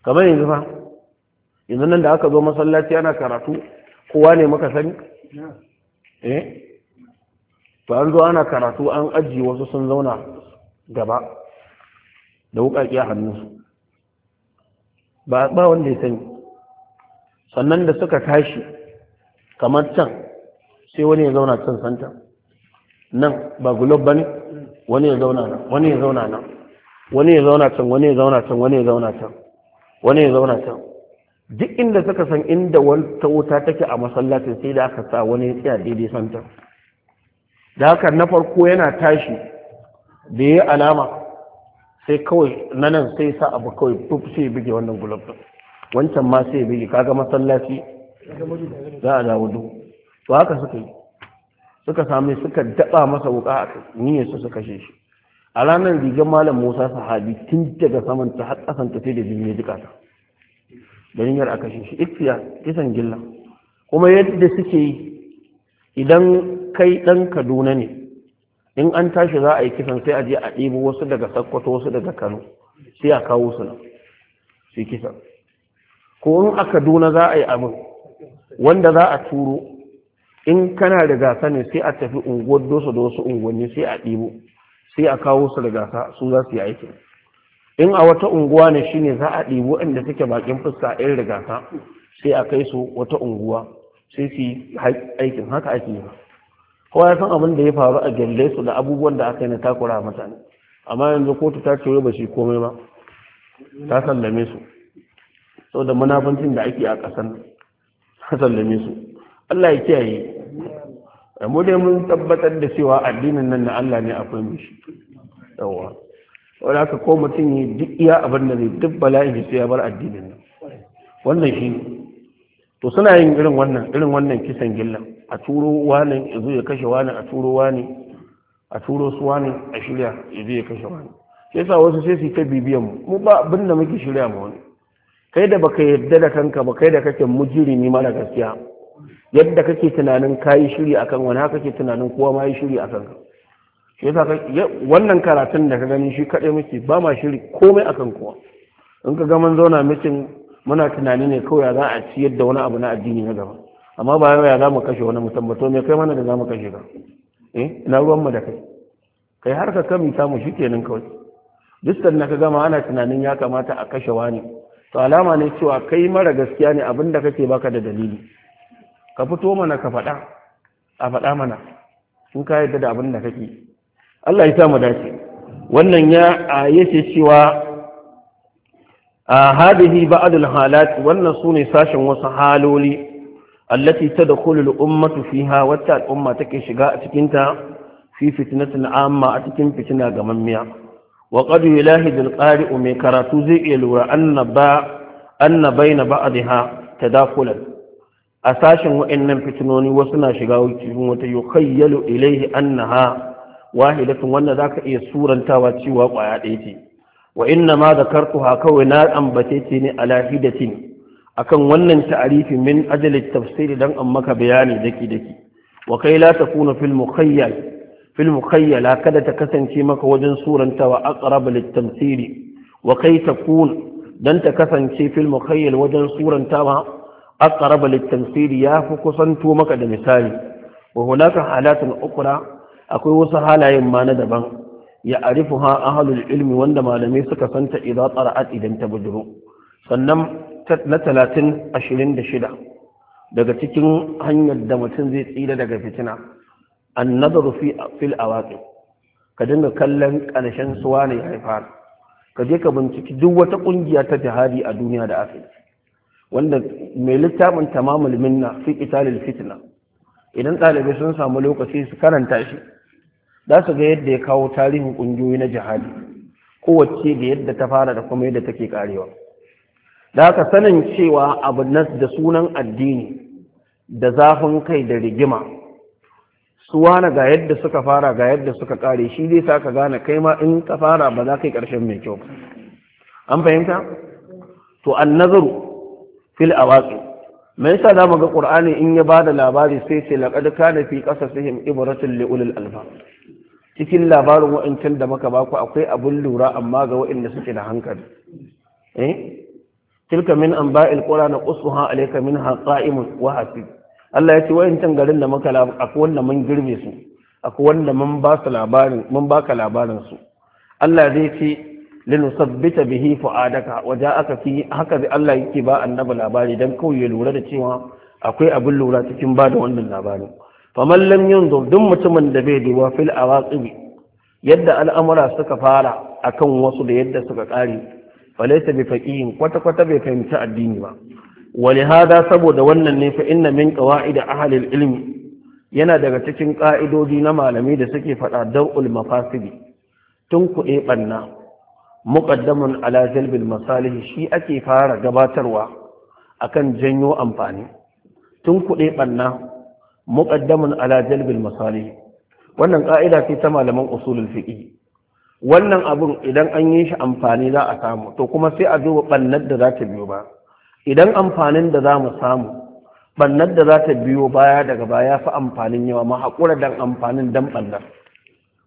kamar yanzu ba. yanzu nan da aka zo masallaci ana karatu kowa ne maka sani eh to an zo ana karatu an ajiye wasu sun zauna gaba da wuƙaƙi a hannunsu ba ba wanda ya sani sannan da suka tashi kamar can sai wani ya zauna can santa nan ba gulob ba ne wani ya zauna nan wani ya zauna nan wani ya zauna can wani ya zauna can wani ya zauna can wani ya zauna can duk inda suka san inda wata wuta take a masallacin sai da aka sa wani ya tsaya daidai santa da haka na farko yana tashi da ya alama sai kawai na nan sai sa abu kawai tuf sai bige wannan gulab wancan ma sai bige kaga masallaci za a dawo duk to haka suka yi suka sami suka daba masa wuka a niyyar su suka kashe shi a ranar rigar malam musa sahabi tun daga saman ta har kasan ta sai da jini ya jika ta da niyyar a kashe shi iktiya kisan gilla kuma yadda suke yi idan kai ɗan kaduna ne in an tashi za a yi kisan sai a je a ɗebo wasu daga sakkwato wasu daga kano sai a kawo su nan su kisan ko in a kaduna za a yi abin wanda za a turo in kana da gasa ne sai a tafi unguwar dosa da wasu unguwanni sai a ɗebo sai a kawo su da gasa su za su yi aiki. in a wata unguwa ne shine za a ɗebo inda suke bakin fuska a da gasa sai a kai su wata unguwa sai su yi aikin haka ake yi kowa ya san abin da ya faru a gyalle su da abubuwan da aka yi na takura a mutane amma yanzu kotu ta ce ba shi komai ba ta sallame su sau da munafancin da ake a ƙasan ta sallame su Allah ya kiyaye mu dai mun tabbatar da cewa addinin nan na Allah ne akwai mishi yawa wanda aka ko mutum yi duk iya abin da zai duk bala'in sai ya bar addinin nan wannan shi to suna yin irin wannan irin wannan kisan gillan a turo wani ya zo ya kashe wani a turo wani a turo su wani a shirya ya zo ya kashe wani sai sa wasu sai su ta bibiyan mu ba abin da muke shirya mu wani kai da baka yadda da kanka ba kai da kake mujirimi mara gaskiya yadda kake tunanin kayi shiri akan wani haka kake tunanin kowa ma yi shiri akan ka shi yasa wannan karatun da ka gani shi kaɗai muke ba ma shiri komai akan kowa in ka ga mun zauna mitin muna tunani ne kawai za a ciyar da wani abu na addini na gaba amma ba ya za mu kashe wani musammato mai kai mana da za mu kashe ka eh ina ruwanmu da kai kai har ka kami samu shi kenan kawai duk na ka gama ana tunanin ya kamata a kashe wani to alama ne cewa kai mara gaskiya ne abin da kake baka da dalili ka fito mana ka faɗa a faɗa mana in ka yadda da abin da kake Allah ya sa mu dace wannan ya yace cewa a hadihi ba'adul halat wannan su ne sashen wasu haloli allati tadkhulul ummatu fiha wata al'umma take shiga a cikin ta fi fitnatin amma a cikin fitina ga mammiya wa qad yulahidul qari'u mai karatu zai iya lura anna ba anna baina ba'dha tadakhulan a sashen wa'annan fitinoni wasu na shiga cikin wata yukhayyalu ilaihi annaha wahidatun wanda zaka iya surantawa cewa kwaya ɗaya ce wa inna ma zakartuha kawai na ambace ce ne ala a akan wannan ta'arifi min ajali tafsiri dan an maka bayani daki daki wa kai la ta fil fil mukhayyala kada ta kasance maka wajen suranta wa aqrab lit tamthili wa kai takun dan ta kasance fil mukhayyal wajen suranta wa aqrab lit tamthili ya fi kusanto maka da misali wa hunaka halatun ukra akwai wasu halayen ma na daban ya arifuha ahalul ilmi wanda malamai suka santa idan tsara'at idan ta bujuro sannan na talatin ashirin da shida daga cikin hanyar da mutum zai tsira daga fitina annazaru fi fil awaqi ka dinga kallon ƙarshen suwa ne ya haifa ka je ka binciki duk wata ƙungiya ta jihadi a duniya da Afirka. wanda mai littafin tamamul minna fi qitalil fitina. idan ɗalibai sun samu lokaci su karanta shi za su ga yadda ya kawo tarihin ƙungiyoyi na jihadi kowace da yadda ta fara da kuma yadda take karewa da aka sanin cewa abu nas da sunan addini da zafin kai da rigima su wane ga yadda suka fara ga yadda suka kare shi zai sa ka gane kai ma in ka fara ba za ka yi ƙarshen mai kyau an fahimta to an nazaru fil awaqi me yasa za mu ga ƙur'ani in ya ba da labari sai ce laqad kana fi qasasihim ibratun li ulil alfa cikin labarin wa'ancan da maka baku akwai abin lura amma ga wa'anda suke da hankali eh tilka min anba'il qura naqsuha alayka minha qa'imun wa hasib Allah ya ce wa'ancan garin da maka akwai wanda mun girbe su akwai wanda mun ba su labarin mun baka labarin su Allah zai ce linusabbita bihi fu'adaka waja'aka fi haka zai Allah yake ba annabi labari dan kawai ya lura da cewa akwai abin lura cikin ba da wannan labarin faman lam yanzur duk mutumin da bai duba fil awaqibi yadda al'amura suka fara akan wasu da yadda suka kare falaysa bi faqihin kwata kwata bai fahimci addini ba walihada saboda wannan ne fa inna min qawaid ahli ilmi yana daga cikin ka'idodi na malami da suke fada dawul mafasidi tun kuɗe banna muqaddamun ala jalbil masalih shi ake fara gabatarwa akan janyo amfani tun kuɗe banna muqaddamun ala jalbil masalih wannan ka'ida ce ta malaman usulul fiqh wannan abun idan an yi shi amfani za a samu to kuma sai a duba bannar da za ta biyo ba idan amfanin da za mu samu bannar da za ta biyo baya daga baya fa amfanin yawa ma haƙura dan amfanin dan bannar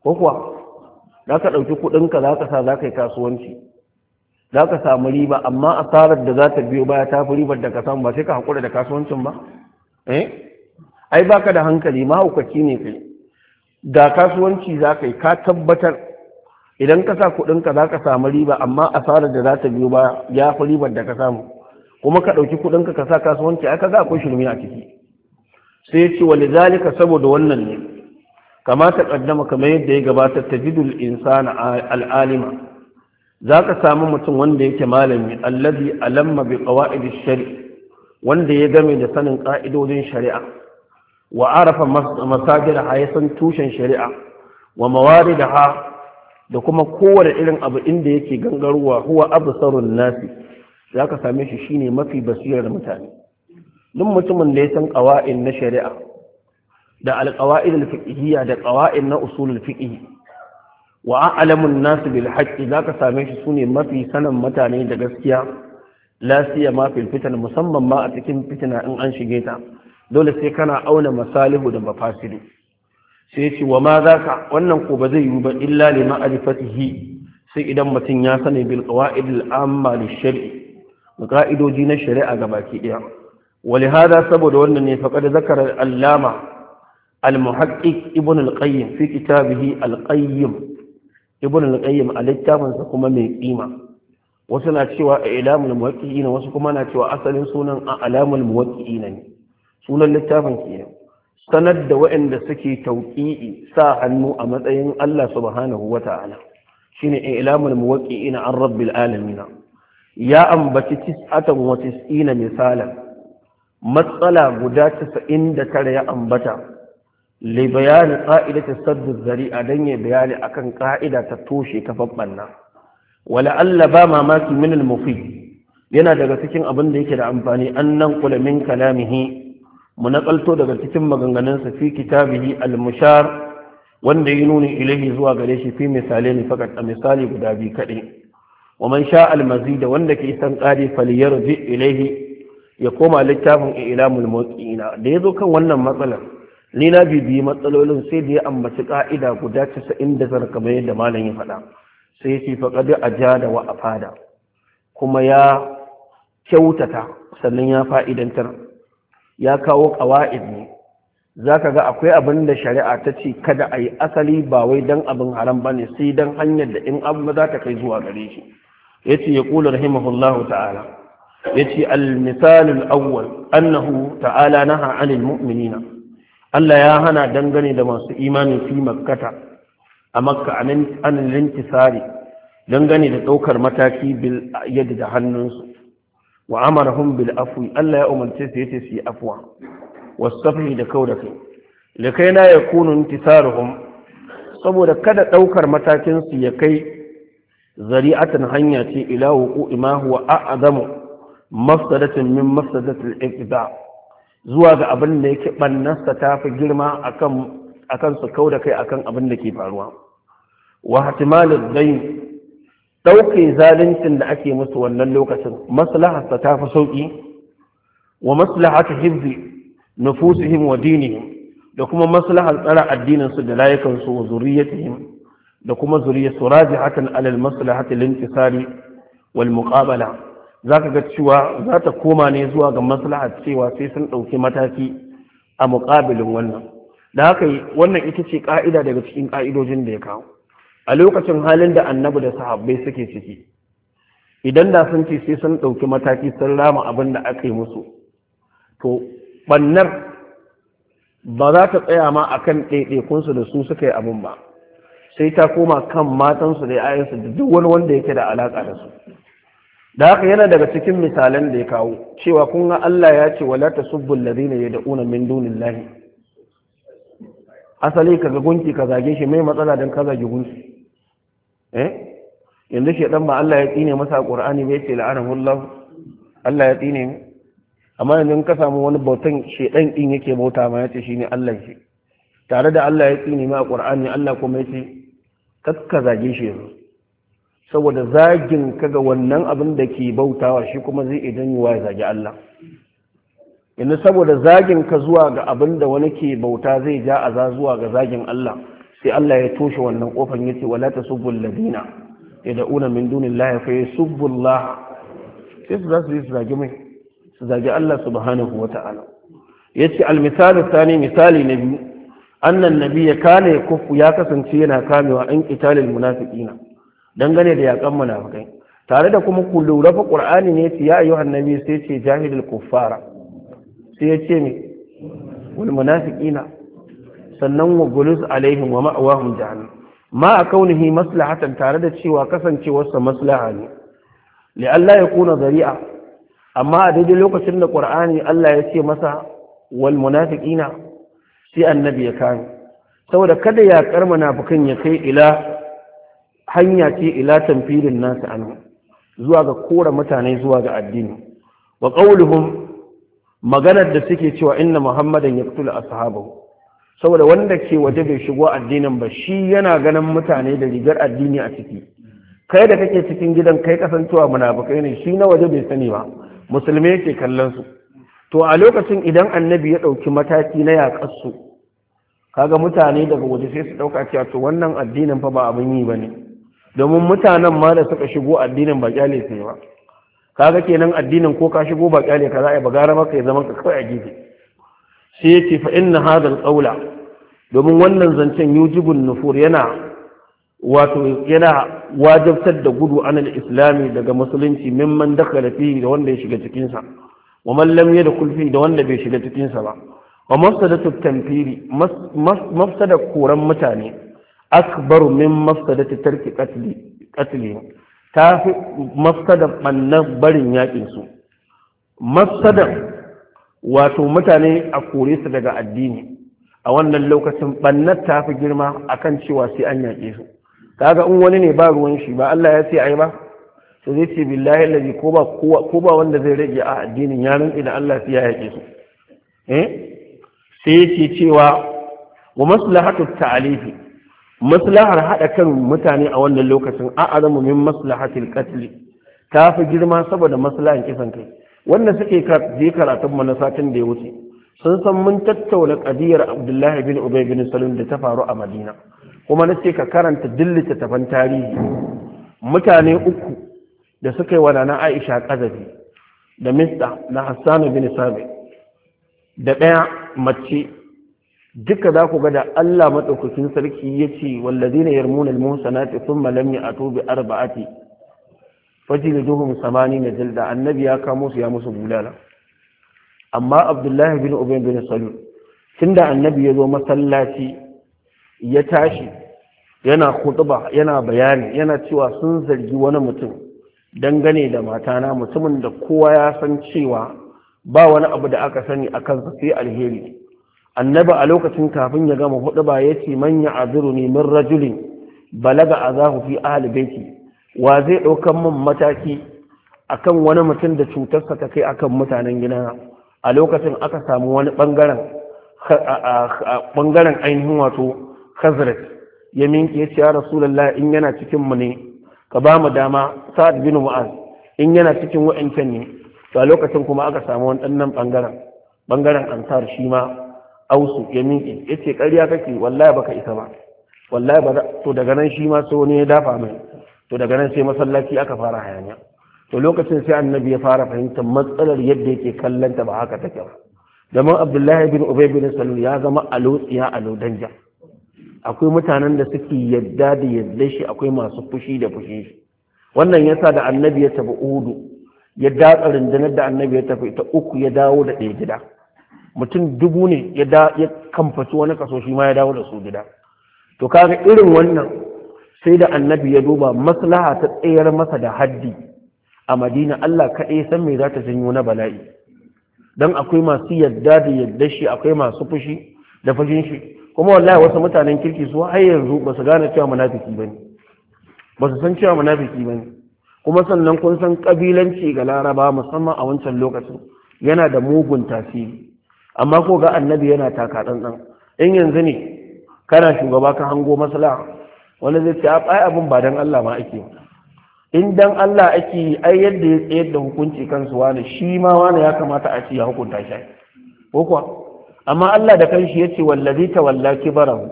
ko kuwa za ka ɗauki kuɗinka za ka sa za ka yi kasuwanci za ka samu riba amma asarar da za ta biyo baya ta fi ribar da ka samu ba sai ka haƙura da kasuwancin ba eh ai baka da hankali mahaukaci ne kai Ga kasuwanci za ka yi ka tabbatar idan ka sa kuɗinka za ka samu riba amma asarar da za ta biyo ba ya fi ribar da ka samu kuma ka ɗauki kuɗinka ka sa kasuwanci ai ka za akwai shirme a ciki sai ya ce wani zalika saboda wannan ne kamata kaddama kamar yadda ya gabata ta jidul insana al'alima za ka samu mutum wanda yake malami allazi alamma bi qawaidish shari wanda ya game da sanin ƙa'idodin shari'a wa arafa masajid ha ya san tushen shari'a wa mawari da ha da kuma kowane irin abu inda yake gangarwa huwa saurin nasi za ka same shi shine mafi basirar mutane duk mutumin da ya san ƙawa'in na shari'a da alƙawa'id al da ƙawa'in na usulul fiqh wa a'lamun nasu bil haqqi za ka same shi sune mafi sanin mutane da gaskiya la mafi fil fitan musamman ma a cikin fitina in an shige ta dole sai kana auna masalihu da mafasidu sai ce wa ma za ka wannan ko ba zai yi ba illa ne ma'arifatihi sai idan mutum ya sani bil qawaid al amma li shar'i da ka'idoji na shari'a ga baki daya wali hada saboda wannan ne faqad zakara al allama al muhaqqiq ibn al qayyim fi kitabihi al qayyim ibn al qayyim al littafin sa kuma mai kima wasu na cewa ilamul muwaqqi'ina wasu kuma na cewa asalin sunan alamul muwaqqi'ina ne sunan littafin kenan sanar da waɗanda suke tauƙi'i sa hannu a matsayin Allah subhanahu wata'ala shine ilamul muwaqqi'ina an rabbil alamin ya ambaci tis'atan wa misalan matsala guda 99 ya ambata li bayani qa'idati sadd zari'a dan ya bayani akan qa'ida ta toshe kafafan nan wala alla ba mamaki min al-mufid yana daga cikin abin da yake da amfani annan kula min kalamihi mu naƙalto daga cikin maganganunsa fi kitabihi al-mushar wanda ya nuni ilahi zuwa gare shi fi misali ne fakat a misali guda biyu kaɗai wa man sha almazi da wanda ke san ƙari faliyar ji ilahi ya koma littafin ilamul muqina da ya zo kan wannan matsalar ni na bibiyi matsalolin sai da ya ambaci ƙa'ida guda casa'in da zar kamar yadda malam ya faɗa sai ya ce faƙad a ja da wa a fada kuma ya kyautata sannan ya fa'idantar ya kawo ƙawa'id ne za ka ga akwai abin da shari'a ta ce kada a yi asali ba wai don abin haram ba ne sai don hanyar da in abu za ta kai zuwa gare shi ya ce ya ƙula rahimahullahu ta'ala ya ce misalin awwal annahu ta'ala na ha'anin mu'minina Allah ya hana dangane da masu imani fi makkata a makka anin lintisari dangane da ɗaukar mataki bil yadda da hannunsu wa amarahum bil afwi Allah ya umarce su yace su yi afwa wasafi da kau da kai kai na ya yakunu intisaruhum saboda kada ɗaukar matakin su ya kai zari'atan hanya ce ila wuqu ima huwa a'zamu mafsadatin min mafsadatil iqda zuwa ga abin da yake bannarsa ta fi girma akan akan su kau da kai akan abin da ke faruwa wa ihtimalul ɗauke zaluncin da ake musu wannan lokacin maslahasta ta fi sauƙi wa maslahatu hibzi nufusihim wa dinihim da kuma maslahar tsara addininsu da layukansu wa zuriyatihim da kuma zuriyarsu rajihatan alal maslahati lintisari wal muqabala zaka ga cewa za ta koma ne zuwa ga maslaha cewa sai sun ɗauki mataki a muƙabilin wannan da haka wannan ita ce ƙa'ida daga cikin ƙa'idojin da ya kawo a lokacin halin da annabi da sahabbai suke ciki idan da sun ce sai sun ɗauki mataki sun rama abin da aka yi musu to bannar ba za ta tsaya ma a kan ɗaiɗaikunsu da su suka yi abin ba sai ta koma kan matansu da yayansu da duk wani wanda yake da alaƙa da su da haka yana daga cikin misalan da ya kawo cewa kun ga Allah ya ce wala tasubbul ladina yad'una min dunillahi asali kaga gunki ka zage shi mai matsala dan ka zage gunki eh yanzu shedan ba Allah ya tsine masa Qur'ani bai ce la'anahullah Allah ya tsine amma yanzu ka samu wani bautan shedan din yake bauta ma ya ce shi ne Allah shi tare da Allah ya tsine ma Qur'ani Allah kuma ya ce kakka zage shi yanzu saboda zagin kaga wannan abin da ke bautawa shi kuma zai idan yiwa ya zage Allah yanzu saboda zagin ka zuwa ga abin da wani ke bauta zai ja za zuwa ga zagin Allah sai Allah ya toshe wannan kofan yace wala tasubbul ladina yad'una min dunillahi fa yasubbullah sai su zasu su zagi mai su zagi Allah subhanahu wata'ala yace al-misal thani misali na biyu annan nabiyya kana yakufu ya kasance yana kamewa an qitalil munafiqina dangane da yakan munafikai tare da kuma ku lura fa qur'ani ne ya ayyuhan nabi sai ce jahilul kuffara sai ya ce me wal munafiqina sannan wa gulus alaihim wa ma'awahum jahannam ma a kaunihi maslahatan tare da cewa kasancewarsa maslaha ne li Allah ya kuna zari'a amma a daidai lokacin da Qur'ani Allah ya ce masa wal munafiqina sai annabi ya kani saboda kada ya kar munafikan ya kai ila hanya ce ila tanfirin nasu anhu zuwa ga kora mutane zuwa ga addini wa qauluhum maganar da suke cewa inna muhammadan yaqtulu ashabahu saboda wanda ke waje bai shigo addinin ba shi yana ganin mutane da rigar addini a ciki kai da kake cikin gidan kai kasancewa munafukai ne shi na waje bai sani ba musulmi yake kallon su to a lokacin idan annabi ya dauki mataki na yaƙarsu, kaga mutane daga waje sai su dauka cewa to wannan addinin fa ba abin yi ba ne domin mutanen ma da suka shigo addinin ba kyale sai ba kaga kenan addinin ko ka shigo ba kyale ka za a yi ba gara maka ya zama ka kai a gidi sai ce, fa’in na hadar tsaula domin wannan zancen yujibun nufur yana wato yana wajabtar da gudu da islami daga musulunci mimman da fi da wanda ya shiga cikinsa wa mallam lam da kulfi da wanda bai shiga cikinsa ba wa mafsada tuttanfiri mafsada koran mutane akbaru min mafsadati tarki qatli ta fi mafsada ɓannan barin yaƙinsu. mafsada wato mutane a kore su daga addini a wannan lokacin bannar ta fi girma akan cewa sai an yaƙe su kaga in wani ne ba ruwan shi ba Allah ya ce ai ba to zai ce billahi allazi ko ba ko ba wanda zai rage a addinin ya rantsi da Allah sai ya yaƙe su eh sai yake cewa wa maslahatu ta'alifi maslahar haɗa kan mutane a wannan lokacin a'azamu min maslahatil qatl ta fi girma saboda maslahan kisan kai wanda suke je karatun mu na satin da ya wuce sun san mun tattauna kadiyar abdullahi bin ubay bin salim da ta faru a madina kuma na ce ka karanta dillita littattafan tarihi mutane uku da suka yi wa Nana aisha kazafi da mista na hassanu bin sabi da ɗaya mace duka za ku ga da Allah maɗaukakin sarki ya ce wallazi ne yarmuna almusanati thumma lam ya'tu bi arba'ati fajil duhun samani na jilda annabi ya kamo su ya musu bulala amma abdullahi bin ubay bin salul tunda annabi ya zo masallaci ya tashi yana khutba yana bayani yana cewa sun zargi wani mutum dangane da matana mutumin da kowa ya san cewa ba wani abu da aka sani a kansa sai alheri annabi a lokacin kafin ya gama hudu ba ya ce manya a ne min rajulin balaga azahu fi ahli baiti wa zai ɗaukan mun mataki akan wani mutum da cutarsa ta kai akan mutanen gina a lokacin aka samu wani ɓangaren ɓangaren ainihin wato Hazret ya minki ya ce ya rasulallah in yana cikin mu ne ka ba mu dama sa'ad bin mu'az in yana cikin wa'ancan ne to a lokacin kuma aka samu wani ɗannan ɓangaren ɓangaren ansar shi ma ausu ya minki ya ce ƙarya kake wallahi baka isa ba wallahi ba to daga nan shi ma so wani ya dafa mai to daga nan sai masallaci aka fara hayaniya to lokacin sai annabi ya fara fahimtar matsalar yadda yake kallanta ba haka take ba domin abdullahi bin ubay bin salul ya zama alotsiya lodanja akwai mutanen da suke yadda da yadda shi akwai masu fushi da fushi shi wannan yasa da annabi ya tafi udu ya datsa rundunar da annabi ya tafi ta uku ya dawo da ɗaya gida mutum dubu ne ya kamfaci wani kaso shi ma ya dawo da su gida to kaga irin wannan sai da annabi ya duba maslaha ta tsayar masa da haddi a madina Allah kaɗai san me za ta janyo na bala'i don akwai masu yadda da yadda shi akwai masu fushi da fushin shi kuma wallahi wasu mutanen kirki su har yanzu ba su gane cewa munafiki ba ne ba su san cewa munafiki ba ne kuma sannan kun san ƙabilanci ga laraba musamman a wancan lokacin yana da mugun tasiri amma ko ga annabi yana taka ɗanɗan in yanzu ne kana shugaba ka hango maslaha wani zai ce ai abin ba dan Allah ma ake in dan Allah ake yi ai yadda ya tsayar da hukunci kansu wani shi ma wani ya kamata a ce ya hukunta shi ko kuwa amma Allah da kanshi yace wallazi tawalla kibarahu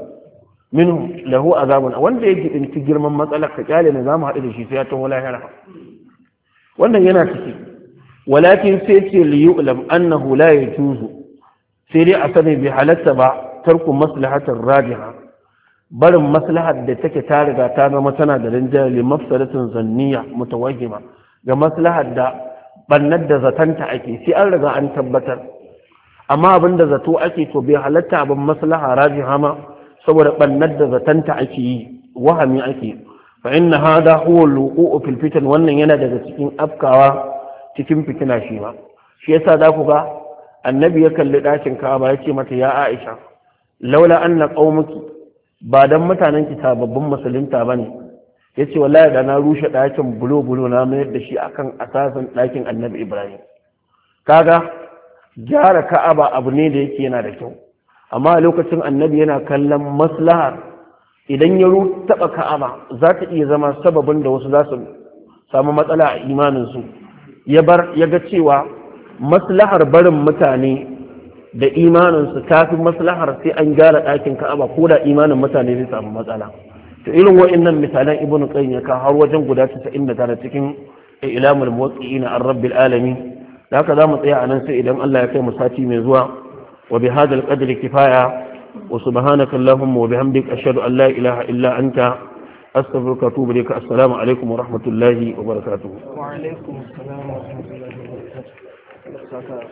min lahu azabun wanda ya gidinci girman matsalar ka kyale ne zamu haɗu da shi sai ya tawo lahira wannan yana ciki walakin sai ce liyu'lam annahu la yajuzu sai dai a sani bai halatta ba tarku maslahatar rajiha barin maslahar da take ta riga ta zama tana da rinjali mafsadatin zanniya mutawahima ga maslahar da bannar da zatanta ake sai an riga an tabbatar amma abin da zato ake to bai halatta abin maslaha raji Hama, saboda bannar da zatanta ake yi wahami ake fa inna hada huwa al-wuqu'u fil fitan wannan yana daga cikin afkawa cikin fitina shi ma shi yasa za ku ga annabi ya kalli ɗakin ka'aba ya ce mata ya aisha laula anna qaumuki ba don mutanen ki sababbin musulunta Ya ce, wallahi da na rushe ɗakin bulo bulo na mayar da shi akan asasin ɗakin annabi ibrahim kaga gyara ka'aba abu ne da yake yana da kyau amma lokacin annabi yana kallon maslaha idan ya taɓa ka'aba za ta iya zama sababin da wasu za su samu matsala a imaninsu ya bar ya ga cewa maslahar barin mutane da imaninsu ta fi maslahar sai an gyara ɗakin ka'aba ko da imanin mutane zai samu matsala to irin wa'annan misalan ibnu qayyim ya ka har wajen guda 99 cikin ilamul muwaqqi'ina ar-rabbil alamin da haka zamu tsaya anan sai idan Allah ya kai mu sati mai zuwa wa bi hadal qadri kifaya wa subhanaka allahumma wa bihamdika ashhadu an la ilaha illa anta أستغفرك وأتوب إليك السلام عليكم ورحمة الله وبركاته وعليكم wa rahmatullahi wa وبركاته